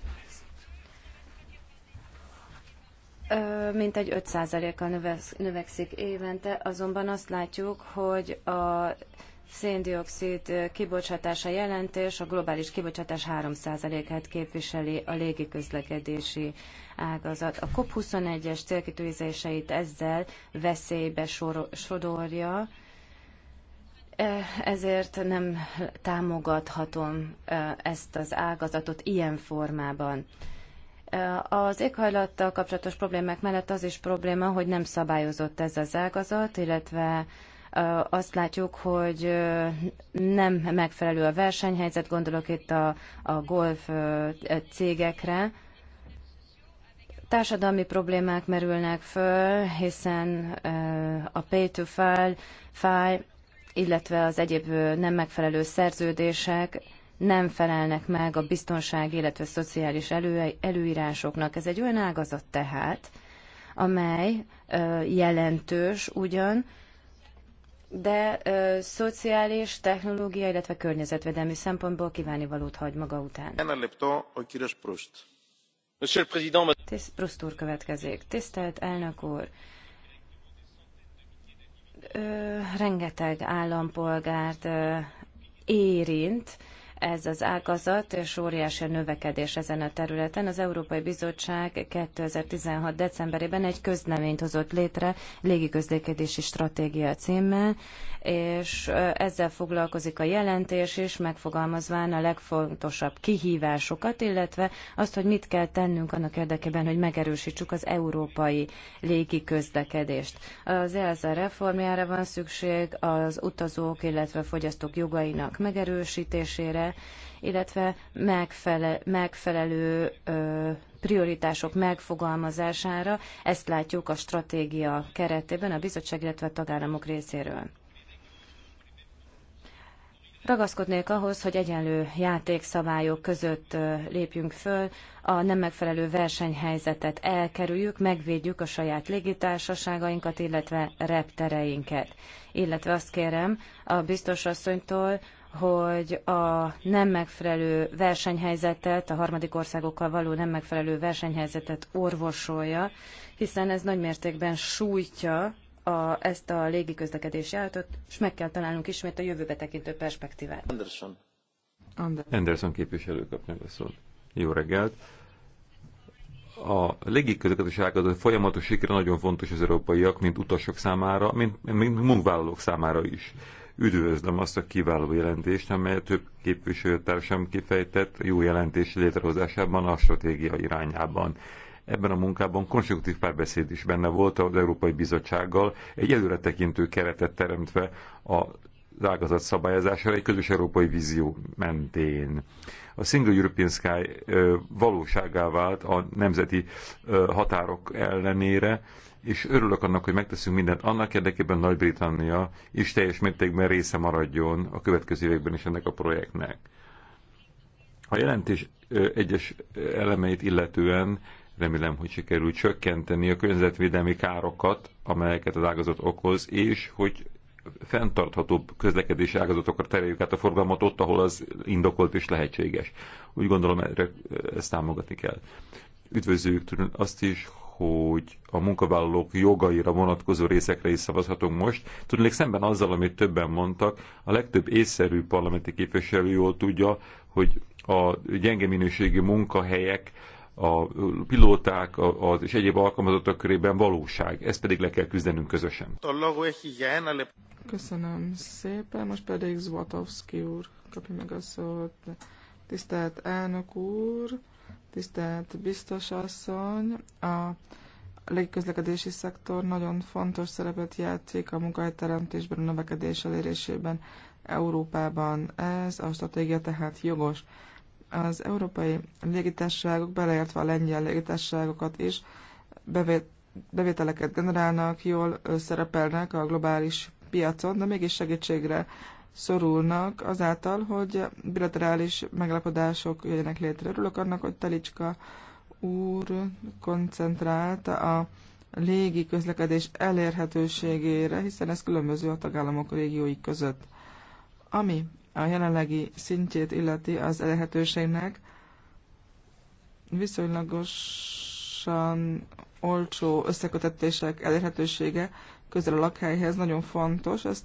mintegy 5%-kal növekszik évente, azonban azt látjuk, hogy a széndiokszid kibocsátása jelentés a globális kibocsátás 3%-át képviseli a légiközlekedési ágazat. A COP21-es célkitűzéseit ezzel veszélybe sodorja, e, ezért nem támogathatom e, ezt az ágazatot ilyen formában. Az éghajlattal kapcsolatos problémák mellett az is probléma, hogy nem szabályozott ez az ágazat, illetve azt látjuk, hogy nem megfelelő a versenyhelyzet, gondolok itt a, a golf cégekre. Társadalmi problémák merülnek föl, hiszen a pay to file, file illetve az egyéb nem megfelelő szerződések nem felelnek meg a biztonság, illetve szociális elő, előírásoknak. Ez egy olyan ágazat tehát, amely ö, jelentős ugyan, de ö, szociális, technológia, illetve környezetvédelmi szempontból kívánivalót hagy maga után. Tiszt, Proust úr következik. Tisztelt elnök úr! Ö, rengeteg állampolgárt ö, érint, ez az ágazat, és óriási a növekedés ezen a területen. Az Európai Bizottság 2016. decemberében egy közleményt hozott létre légiközlekedési stratégia címmel, és ezzel foglalkozik a jelentés is, megfogalmazván a legfontosabb kihívásokat, illetve azt, hogy mit kell tennünk annak érdekében, hogy megerősítsük az európai légiközlekedést. Az ELSA reformjára van szükség, az utazók, illetve a fogyasztók jogainak megerősítésére, illetve megfele, megfelelő ö, prioritások megfogalmazására. Ezt látjuk a stratégia keretében a bizottság, illetve a tagállamok részéről. Ragaszkodnék ahhoz, hogy egyenlő játékszabályok között lépjünk föl, a nem megfelelő versenyhelyzetet elkerüljük, megvédjük a saját légitársaságainkat, illetve reptereinket. Illetve azt kérem a biztos asszonytól, hogy a nem megfelelő versenyhelyzetet, a harmadik országokkal való nem megfelelő versenyhelyzetet orvosolja, hiszen ez nagy mértékben sújtja a, ezt a közlekedési állatot, és meg kell találnunk ismét a jövőbe tekintő perspektívát. Anderson. Anderson, Anderson képviselő kap a szót. Jó reggelt! a közlekedési ágazat folyamatos sikere nagyon fontos az európaiak, mint utasok számára, mint, mint munkavállalók számára is. Üdvözlöm azt a kiváló jelentést, amelyet több képviselőtársam kifejtett jó jelentés létrehozásában a stratégia irányában. Ebben a munkában konstruktív párbeszéd is benne volt az Európai Bizottsággal, egy előretekintő keretet teremtve a ágazat szabályozására egy közös európai vízió mentén. A Single European Sky valóságá vált a nemzeti határok ellenére, és örülök annak, hogy megteszünk mindent annak érdekében Nagy-Britannia is teljes mértékben része maradjon a következő években is ennek a projektnek. A jelentés egyes elemeit illetően remélem, hogy sikerül csökkenteni a környezetvédelmi károkat, amelyeket az ágazat okoz, és hogy fenntarthatóbb közlekedési ágazatokra tereljük át a forgalmat ott, ahol az indokolt és lehetséges. Úgy gondolom, erre ezt támogatni kell. Üdvözlőjük azt is, hogy a munkavállalók jogaira vonatkozó részekre is szavazhatunk most. Tudnék szemben azzal, amit többen mondtak, a legtöbb észszerű parlamenti képviselő jól tudja, hogy a gyenge minőségi munkahelyek a pilóták és egyéb alkalmazottak körében valóság. Ezt pedig le kell küzdenünk közösen. Köszönöm szépen, most pedig Zvatowski úr kapja meg a szót. Tisztelt elnök úr! Tisztelt biztos asszony, a légiközlekedési szektor nagyon fontos szerepet játszik a munkahelyteremtésben, a növekedés elérésében Európában. Ez a stratégia tehát jogos. Az európai légitársaságok, beleértve a lengyel légitársaságokat is, bevételeket generálnak, jól szerepelnek a globális piacon, de mégis segítségre szorulnak azáltal, hogy bilaterális meglapodások jöjjenek létre. Örülök annak, hogy talicska úr koncentrált a légi közlekedés elérhetőségére, hiszen ez különböző a tagállamok régiói között. Ami a jelenlegi szintjét illeti az elérhetőségnek, viszonylagosan olcsó összekötetések elérhetősége közel a lakhelyhez nagyon fontos, ezt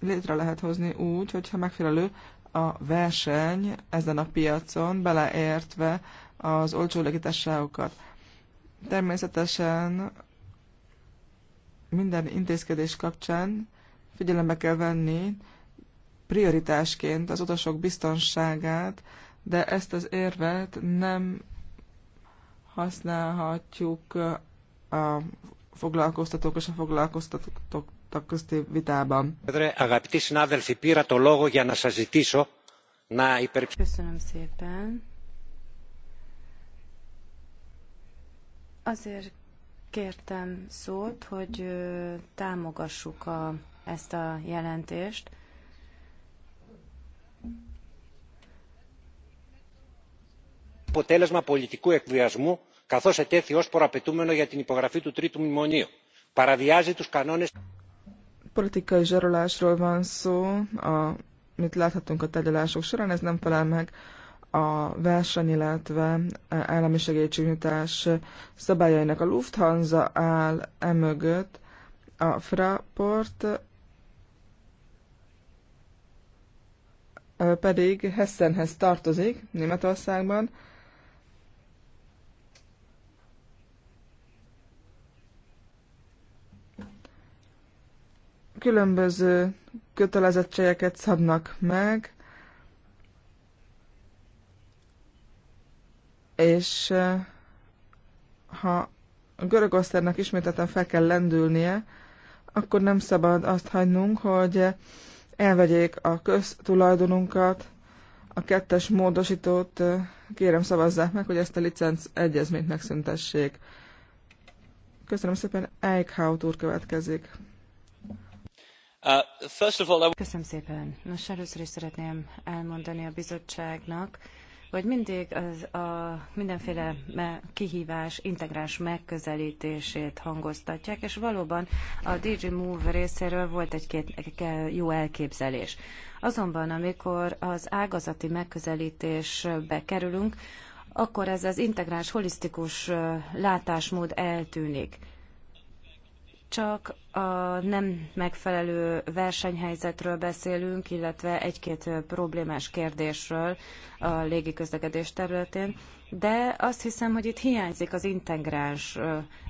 létre lehet hozni úgy, hogyha megfelelő a verseny ezen a piacon, beleértve az olcsó legitesságokat. Természetesen minden intézkedés kapcsán figyelembe kell venni prioritásként az utasok biztonságát, de ezt az érvet nem használhatjuk a foglalkoztatók és a foglalkoztatók tagközti vitában. Köszönöm szépen. Azért kértem szót, hogy támogassuk a, ezt a jelentést. αποτέλεσμα πολιτικού εκβιασμού καθώς ετέθη ως προαπαιτούμενο για την υπογραφή του τρίτου μνημονίου. Παραβιάζει τους κανόνες politikai zsarolásról van szó, a, mit láthatunk a tárgyalások során, ez nem felel meg a verseny, illetve állami segítségnyújtás szabályainak. A Lufthansa áll emögött, a Fraport pedig Hessenhez tartozik Németországban, különböző kötelezettségeket szabnak meg, és eh, ha Görögországnak ismételten fel kell lendülnie, akkor nem szabad azt hagynunk, hogy elvegyék a köztulajdonunkat, a kettes módosítót eh, kérem szavazzák meg, hogy ezt a licenc egyezményt megszüntessék. Köszönöm szépen, Eichhaut úr következik. Uh, Köszönöm szépen. Nos, először is szeretném elmondani a bizottságnak, hogy mindig az a mindenféle kihívás integráns megközelítését hangoztatják, és valóban a DG Move részéről volt egy-két jó elképzelés. Azonban, amikor az ágazati megközelítésbe kerülünk, akkor ez az integráns, holisztikus látásmód eltűnik. Csak a nem megfelelő versenyhelyzetről beszélünk, illetve egy-két problémás kérdésről a légiközlekedés területén, de azt hiszem, hogy itt hiányzik az integráns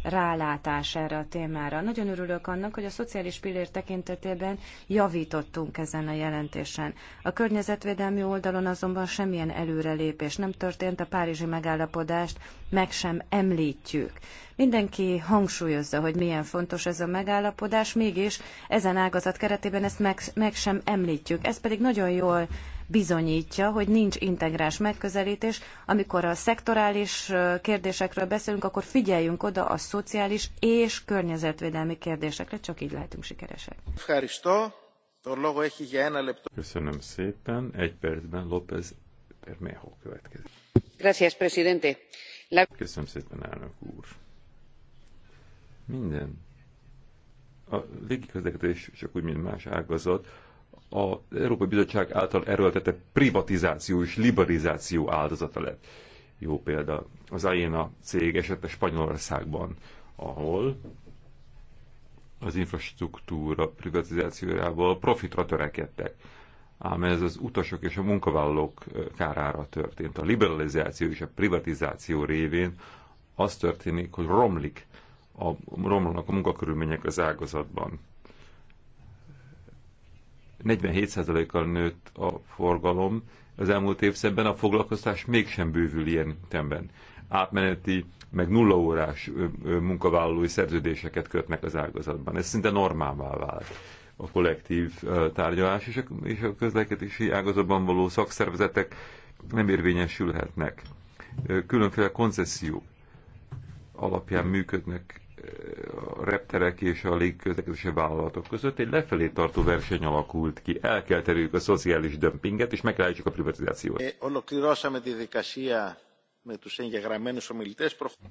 rálátás erre a témára. Nagyon örülök annak, hogy a szociális pillér tekintetében javítottunk ezen a jelentésen. A környezetvédelmi oldalon azonban semmilyen előrelépés nem történt, a párizsi megállapodást meg sem említjük. Mindenki hangsúlyozza, hogy milyen fontos ez a megállapodás, megállapodás, mégis ezen ágazat keretében ezt meg, meg sem említjük. Ez pedig nagyon jól bizonyítja, hogy nincs integrás megközelítés. Amikor a szektorális kérdésekről beszélünk, akkor figyeljünk oda a szociális és környezetvédelmi kérdésekre, csak így lehetünk sikeresek. Köszönöm szépen. Egy percben López Bermejo következik. Gracias, presidente. Köszönöm szépen, elnök úr. Minden a légiközlekedés, csak úgy, mint más ágazat, az Európai Bizottság által erőltetett privatizáció és liberalizáció áldozata lett. Jó példa az AENA cég esetleg Spanyolországban, ahol az infrastruktúra privatizációjával profitra törekedtek. Ám ez az utasok és a munkavállalók kárára történt. A liberalizáció és a privatizáció révén az történik, hogy romlik a, romlanak a munkakörülmények az ágazatban. 47%-kal nőtt a forgalom az elmúlt évszebben, a foglalkoztás mégsem bővül ilyen temben. Átmeneti, meg nullaórás munkavállalói szerződéseket kötnek az ágazatban. Ez szinte normává vált a kollektív tárgyalás, és a, és a közlekedési ágazatban való szakszervezetek nem érvényesülhetnek. Különféle koncesziók alapján működnek a repterek és a légközlekedési vállalatok között egy lefelé tartó verseny alakult ki. El kell terüljük a szociális dömpinget, és meg kell a privatizációt.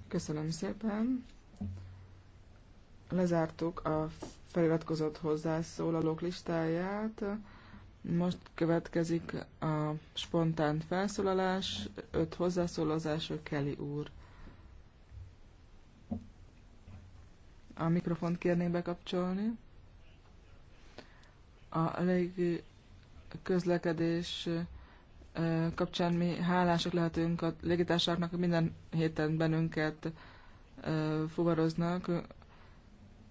Köszönöm szépen. Lezártuk a feliratkozott hozzászólalók listáját. Most következik a spontán felszólalás, öt hozzászólalás, Kelly úr. A mikrofont kérnék bekapcsolni. A légi közlekedés kapcsán mi hálások lehetünk a légitársaknak, minden héten bennünket fuvaroznak,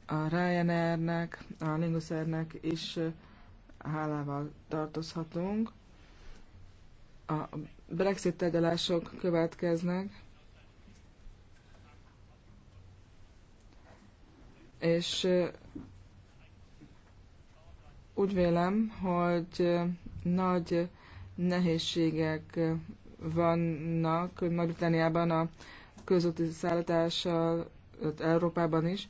a Ryanairnek, a Lingusairnek is hálával tartozhatunk. A Brexit tegyelások következnek, és úgy vélem, hogy nagy nehézségek vannak Nagy-Britániában a közúti szállítással, Európában is.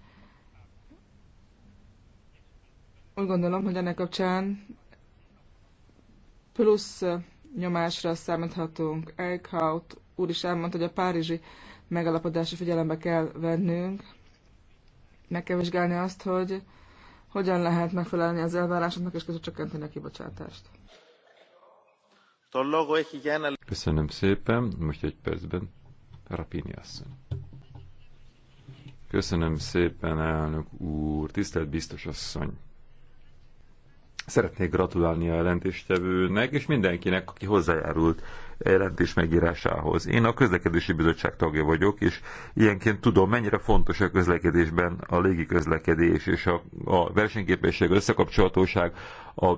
Úgy gondolom, hogy ennek kapcsán plusz nyomásra számíthatunk. Eichhout úr is elmondta, hogy a párizsi megalapodása figyelembe kell vennünk, meg kell vizsgálni azt, hogy hogyan lehet megfelelni az elvárásoknak, és között csökkenteni a kibocsátást. Köszönöm szépen, most egy percben Rapini asszony. Köszönöm szépen, elnök úr, tisztelt biztos asszony. Szeretnék gratulálni a jelentéstevőnek, és mindenkinek, aki hozzájárult jelentés megírásához. Én a közlekedési bizottság tagja vagyok, és ilyenként tudom, mennyire fontos a közlekedésben a légi közlekedés és a, a versenyképesség, összekapcsolatóság, a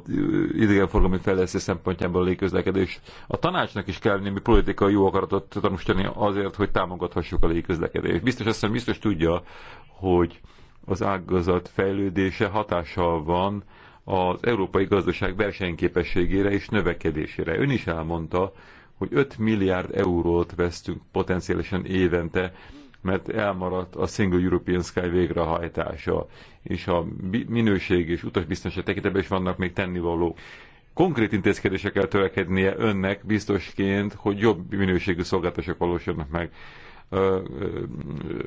idegenforgalmi fejlesztés szempontjából a légiközlekedés. A tanácsnak is kell némi politikai jó akaratot tanúsítani azért, hogy támogathassuk a légiközlekedést. Biztos azt hiszem, biztos tudja, hogy az ágazat fejlődése hatással van az európai gazdaság versenyképességére és növekedésére. Ön is elmondta, hogy 5 milliárd eurót vesztünk potenciálisan évente, mert elmaradt a Single European Sky végrehajtása, és a minőség és utasbiztonság tekintetben is vannak még tennivalók konkrét intézkedésekkel törekednie önnek biztosként, hogy jobb minőségű szolgáltatások valósulnak meg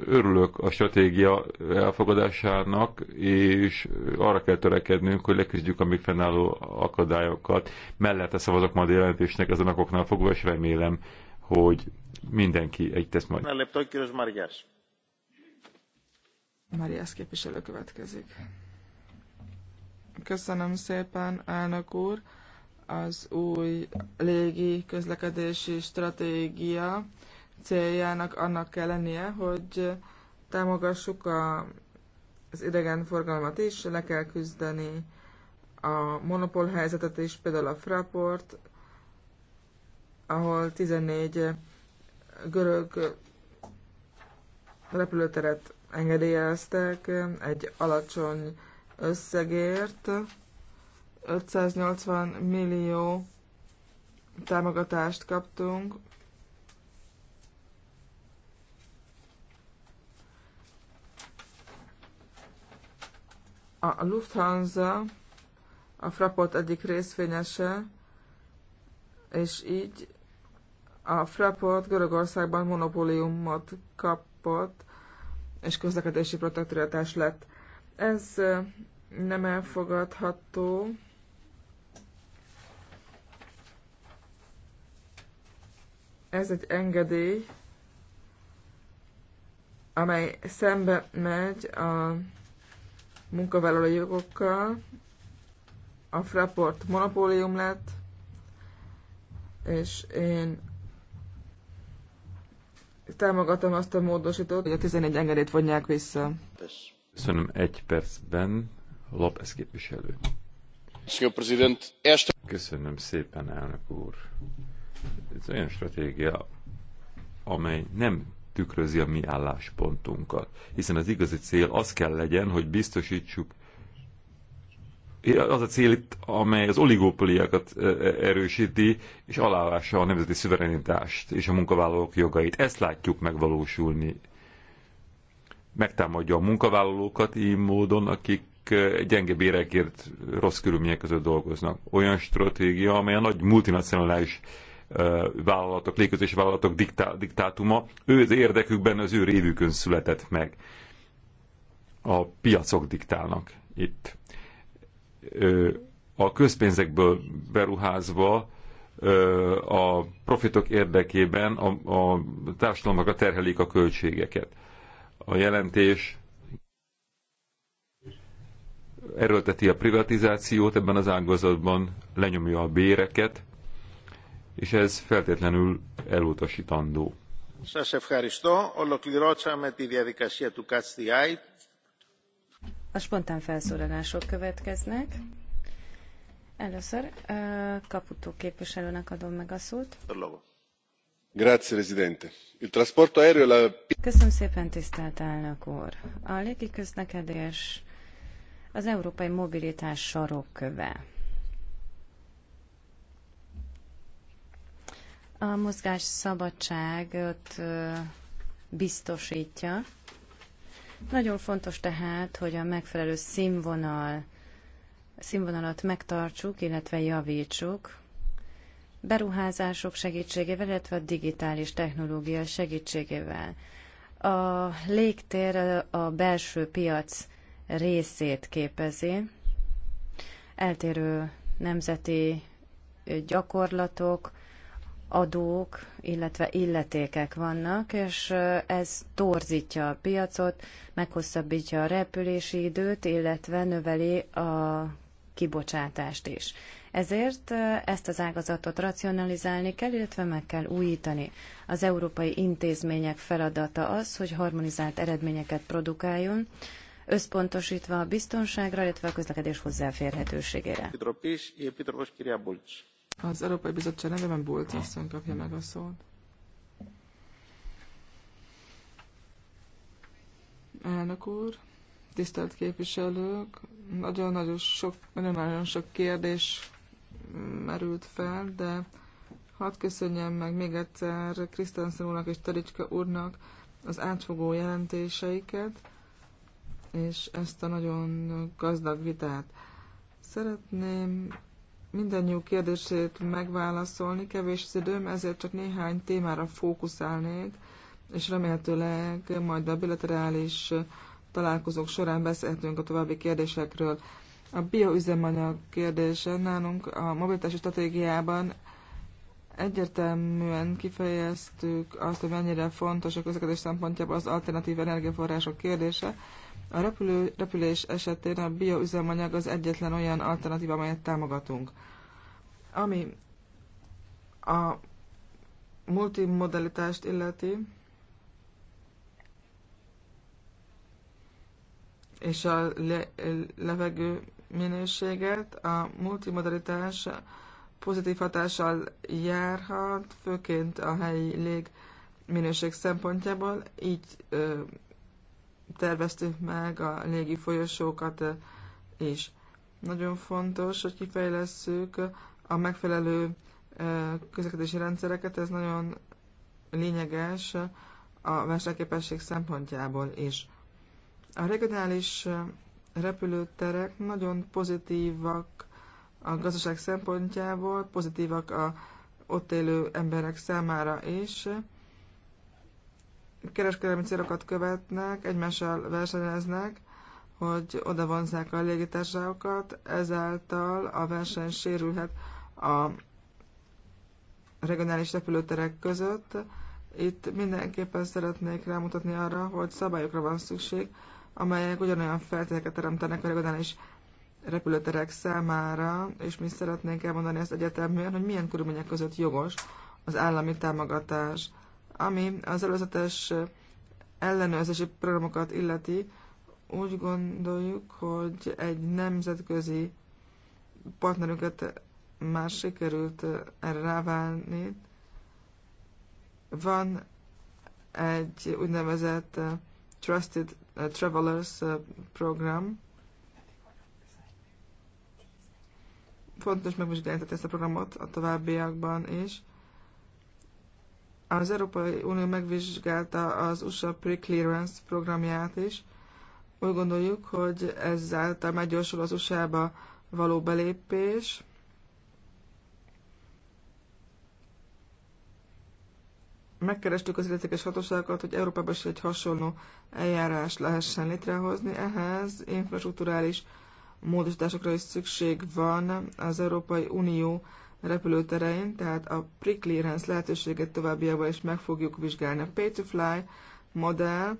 örülök a stratégia elfogadásának, és arra kell törekednünk, hogy leküzdjük a még fennálló akadályokat. Mellette szavazok majd a jelentésnek ezen okoknál fogva, és remélem, hogy mindenki egy tesz majd. Marias. képviselő következik. Köszönöm szépen, elnök úr. Az új légi közlekedési stratégia céljának annak kell lennie, hogy támogassuk a, az idegenforgalmat is, le kell küzdeni a monopól helyzetet is, például a Fraport, ahol 14 görög repülőteret engedélyeztek egy alacsony összegért, 580 millió támogatást kaptunk, A Lufthansa a Fraport egyik részvényese, és így a Fraport Görögországban monopóliumot kapott, és közlekedési protektoratás lett. Ez nem elfogadható. Ez egy engedély, amely szembe megy a munkavállalói jogokkal, a Fraport monopólium lett, és én támogatom azt a módosítót, hogy a 11 engedélyt vonják vissza. Köszönöm egy percben, López képviselő. Köszönöm szépen, elnök úr. Ez olyan stratégia, amely nem tükrözi a mi álláspontunkat. Hiszen az igazi cél az kell legyen, hogy biztosítsuk az a cél itt, amely az oligópoliákat e, e, erősíti, és alávása a nemzeti szuverenitást és a munkavállalók jogait. Ezt látjuk megvalósulni. Megtámadja a munkavállalókat így módon, akik e, gyenge bérekért rossz körülmények között dolgoznak. Olyan stratégia, amely a nagy multinacionális vállalatok, légközési vállalatok diktá, diktátuma, ő az érdekükben az ő révükön született meg. A piacok diktálnak itt. A közpénzekből beruházva a profitok érdekében a, a társadalomra terhelik a költségeket. A jelentés erőlteti a privatizációt ebben az ágazatban, lenyomja a béreket, és ez feltétlenül elutasítandó. A spontán felszólalások következnek. Először Kaputó képviselőnek adom meg a szót. Grazie, Presidente. Il trasporto aereo e la... Köszönöm szépen, tisztelt elnök úr. A légiközlekedés az európai mobilitás sarokköve. a mozgás szabadságot biztosítja. Nagyon fontos tehát, hogy a megfelelő színvonal, színvonalat megtartsuk, illetve javítsuk, beruházások segítségével, illetve a digitális technológia segítségével. A légtér a belső piac részét képezi, eltérő nemzeti gyakorlatok, adók, illetve illetékek vannak, és ez torzítja a piacot, meghosszabbítja a repülési időt, illetve növeli a kibocsátást is. Ezért ezt az ágazatot racionalizálni kell, illetve meg kell újítani. Az európai intézmények feladata az, hogy harmonizált eredményeket produkáljon, összpontosítva a biztonságra, illetve a közlekedés hozzáférhetőségére. Az Európai Bizottság nevében Bult asszony kapja meg a szót. Elnök úr, tisztelt képviselők, nagyon-nagyon sok, nagyon-nagyon sok kérdés merült fel, de hadd köszönjem meg még egyszer Krisztánszon úrnak és Tericska úrnak az átfogó jelentéseiket, és ezt a nagyon gazdag vitát. Szeretném mindannyiuk kérdését megválaszolni, kevés az időm, ezért csak néhány témára fókuszálnék, és remélhetőleg majd a bilaterális találkozók során beszélhetünk a további kérdésekről. A bioüzemanyag kérdése nálunk a mobilitási stratégiában egyértelműen kifejeztük azt, hogy mennyire fontos a közlekedés szempontjából az alternatív energiaforrások kérdése, a repülő, repülés esetén a bioüzemanyag az egyetlen olyan alternatíva, amelyet támogatunk. Ami a multimodalitást illeti, és a le, levegő minőséget, a multimodalitás pozitív hatással járhat, főként a helyi lég minőség szempontjából, így ö, terveztük meg a légi folyosókat és Nagyon fontos, hogy kifejlesszük a megfelelő közlekedési rendszereket, ez nagyon lényeges a versenyképesség szempontjából is. A regionális repülőterek nagyon pozitívak a gazdaság szempontjából, pozitívak a ott élő emberek számára is, kereskedelmi célokat követnek, egymással versenyeznek, hogy oda vonzák a légitársaságokat, ezáltal a verseny sérülhet a regionális repülőterek között. Itt mindenképpen szeretnék rámutatni arra, hogy szabályokra van szükség, amelyek ugyanolyan feltételeket teremtenek a regionális repülőterek számára, és mi szeretnénk elmondani ezt egyetemben, hogy milyen körülmények között jogos az állami támogatás. Ami az előzetes ellenőrzési programokat illeti, úgy gondoljuk, hogy egy nemzetközi partnerünket már sikerült erre ráválni. Van egy úgynevezett Trusted Travelers program. Fontos megvizsgálni ezt a programot a továbbiakban is. Az Európai Unió megvizsgálta az USA Pre-Clearance programját is. Úgy gondoljuk, hogy ezáltal meggyorsul az USA-ba való belépés. Megkerestük az illetékes hatóságokat, hogy Európában is egy hasonló eljárás lehessen létrehozni. Ehhez infrastruktúrális módosításokra is szükség van az Európai Unió repülőterein, tehát a pre-clearance lehetőséget továbbiakban is meg fogjuk vizsgálni. A pay-to-fly modell,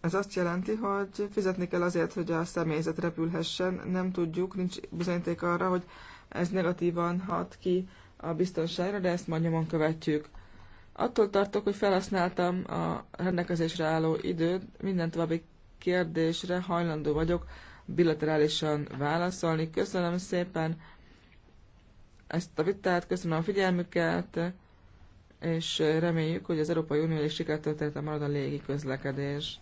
ez azt jelenti, hogy fizetni kell azért, hogy a személyzet repülhessen, nem tudjuk, nincs bizonyíték arra, hogy ez negatívan hat ki a biztonságra, de ezt majd nyomon követjük. Attól tartok, hogy felhasználtam a rendelkezésre álló időt, minden további kérdésre hajlandó vagyok bilaterálisan válaszolni. Köszönöm szépen! ezt a vitát, köszönöm a figyelmüket, és reméljük, hogy az Európai Unió is sikertörténete marad a légi közlekedés.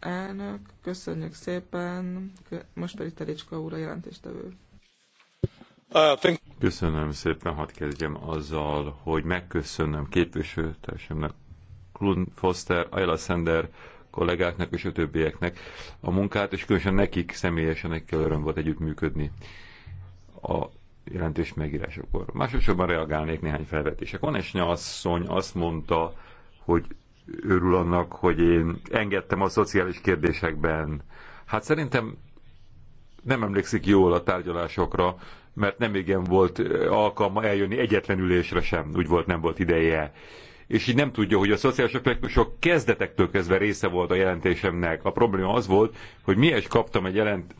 Elnök, köszönjük szépen, most pedig Telicska úr a jelentéstevő. Uh, köszönöm szépen, hadd kezdjem azzal, hogy megköszönöm képviselőtársamnak, Klun Foster, Ayla Sender, kollégáknak és a többieknek a munkát, és különösen nekik személyesen nekik öröm volt együttműködni. A jelentős megírásokor. Másodszorban reagálnék néhány felvetések. esnye asszony azt mondta, hogy örül annak, hogy én engedtem a szociális kérdésekben. Hát szerintem nem emlékszik jól a tárgyalásokra, mert nem igen volt alkalma eljönni egyetlen ülésre sem, úgy volt, nem volt ideje. És így nem tudja, hogy a szociális aspektusok kezdetektől kezdve része volt a jelentésemnek. A probléma az volt, hogy miért kaptam egy jelent,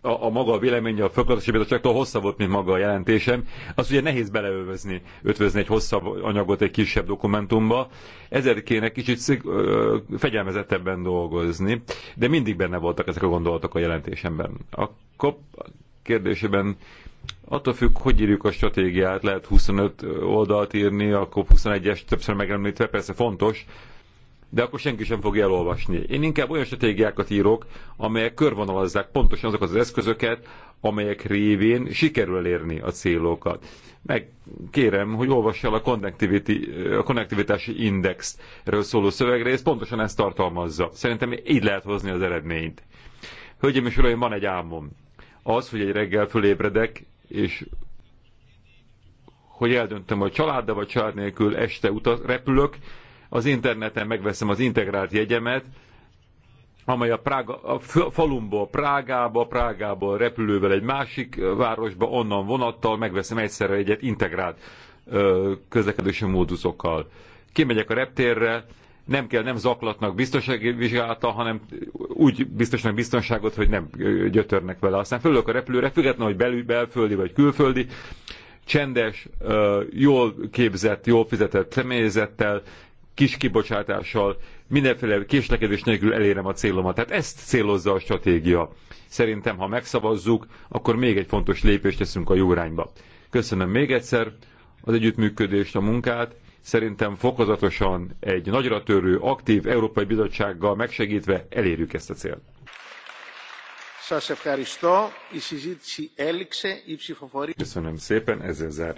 a, a maga a véleménye a Földgazdasági Bizottságtól hosszabb volt, mint maga a jelentésem. Az ugye nehéz beleövezni, ötvözni egy hosszabb anyagot egy kisebb dokumentumba. Ezért kéne kicsit szik, ö, fegyelmezettebben dolgozni, de mindig benne voltak ezek a gondolatok a jelentésemben. A kop kérdésében attól függ, hogy írjuk a stratégiát, lehet 25 oldalt írni, a COP21-es többször megemlítve, persze fontos, de akkor senki sem fogja elolvasni. Én inkább olyan stratégiákat írok, amelyek körvonalazzák pontosan azokat az eszközöket, amelyek révén sikerül elérni a célokat. Meg kérem, hogy olvass el a, connectivity, a konnektivitási indexről szóló szövegrész. pontosan ezt tartalmazza. Szerintem így lehet hozni az eredményt. Hölgyeim és uraim, van egy álmom. Az, hogy egy reggel fölébredek, és hogy eldöntöm, hogy családdal vagy család nélkül este utaz, repülök, az interneten megveszem az integrált jegyemet, amely a, Prága, a falumból Prágába, Prágából repülővel egy másik városba, onnan vonattal megveszem egyszerre egyet integrált közlekedési módusokkal. Kimegyek a reptérre, nem kell, nem zaklatnak biztonsági vizsgálata, hanem úgy biztosnak biztonságot, hogy nem gyötörnek vele. Aztán fölök a repülőre, függetlenül, hogy belül, belföldi vagy külföldi, csendes, jól képzett, jól fizetett személyzettel kis kibocsátással, mindenféle késlekedés nélkül elérem a célomat. Tehát ezt célozza a stratégia. Szerintem, ha megszavazzuk, akkor még egy fontos lépést teszünk a jó irányba. Köszönöm még egyszer az együttműködést, a munkát. Szerintem fokozatosan egy nagyra törő, aktív Európai Bizottsággal megsegítve elérjük ezt a célt. Köszönöm szépen, ezzel zár.